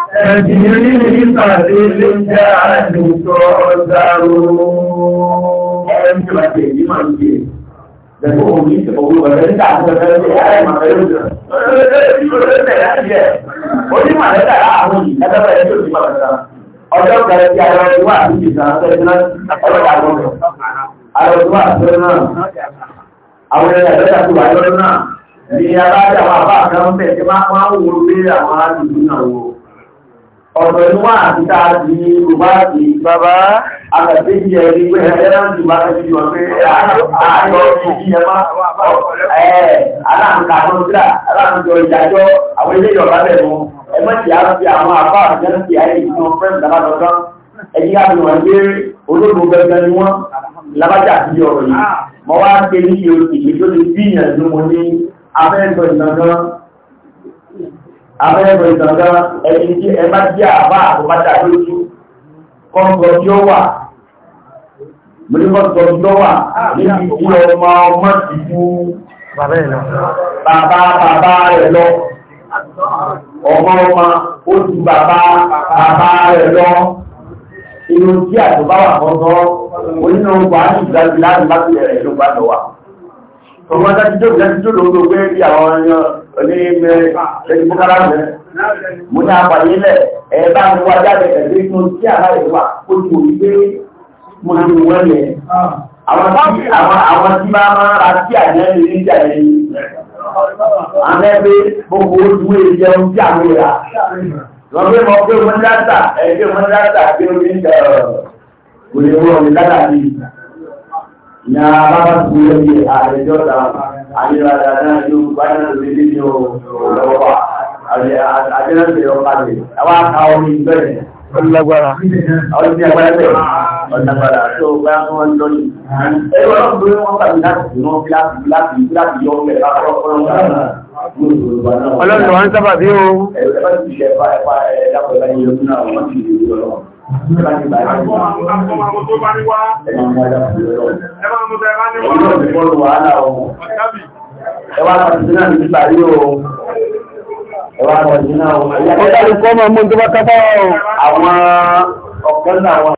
Speaker 1: تجري بطريق الجعل تعذر Ìjọba òní ìṣẹ̀fọ̀wò ọ̀rẹ́ ní àwọn ọ̀rẹ́ ìrìnàmà rẹ̀ ló jẹ́. Onímọ̀ rẹ̀ dára àwọn ìdájọ́bẹ̀ ẹjọ́ ìgbàmọ̀ dára. Ọjọ́ kẹrẹ tí a lọ sí wà ní ìdájọ́ ẹgbẹ́ ọlọ́dà gbọ́dọ̀. A lọ sí wà sí ọ̀rẹ́ náà. Àwọn ẹ̀rẹ́ àti wà lọ́dún náà. Ní abájá àwọn àbá àkàrà ń bẹ̀ tí máa ń wò pé àwọn àdùnnú náà wò ọ̀dọ̀ inú wà àti tá a ti ní gbogbo àti bàbá àgbàdéjì ẹ̀rí pé ẹ̀rẹ́ náà ti bá ẹ̀rí jù ọ̀pẹ́ àjọ ìdí ẹ̀má aláǹkà tó ń tíra aláǹjọ ìdájọ́ àwọn ilé ìjọba bẹ̀rù ẹ̀mọ́ ti á fi àwọn àbá àjẹ́ ti ayé ìdúná fẹ́m dábàdọ́dọ́ ẹ̀yí àti wọn gbé olóògbé gẹ́gẹ́ ni wọ́n lábájá sí ọ̀rọ̀ yìí mọ́ wá ń pè ní abẹ́rẹ́bọ̀ ìgbàngán ẹni tí ẹ bá jẹ́ àbá àbúbátà lójú kọ́ǹgọ̀ tí ó wà mọ́lẹ́kọ́ǹgọ̀ tí ó wà níbi tí ọmọ ọmọ ti bú bàbá bàbá rẹ̀ lọ
Speaker 2: ọmọ ọmọ ó ti bàbá bàbá rẹ̀ lọ
Speaker 1: inú tí àtúbá wà kọ́kọ́ onínà ọgbà á sì gbàgbé láti bá tilẹ̀ rẹ̀ ló gbàdọ̀ wà ọmọ dájúdó dájúdó lóògbé bí onígbẹ́ lẹ́yìn búkárá rẹ̀ mo ní àpàyé lẹ̀ ẹ̀ bá mi wá jáde ẹ̀gbẹ́ inú tí àláyé wà ó ti wòye pé mo ti wọ́n yẹ. Àwọn tí àwọn tí bá máa ra tí àjẹ́ ní ìjà yẹn àwọn ẹgbẹ́ gbogbo ojú ìjẹun tí àwọn ìrà lọ pé mọ pé wọ́n dáta ẹgbẹ́ wọ́n dáta pé ó ní ìjọ kò lè wọ́n ní dáta àyíradà náà yóò bá náà lórí nínú ọ̀rọ̀ wa àjẹ́lẹ́sẹ̀ ọ̀kadì àwọn akáwọ̀ ní bẹ́ẹ̀ Ọlágbára. Ọdún ní agbára bẹ̀rẹ̀. Ọlágbára tó bá wọn lọ ní. Ẹgbẹ́ wọn bí wọ́n tàbí láti dùnú láti láti láti yọ ọmọ ẹ̀ka ọlọ́run. Ọlọ́run wa ń sábà bí o. Ẹ̀rọ ẹ̀fọ́ ti ṣẹ̀fà Ẹwà àti náà ní ìgbà yóò ẹwà àti náà. Ó dájú kọ́ mọ́ mú tó bá kápá ọ̀. Àwọn ọ̀kan náà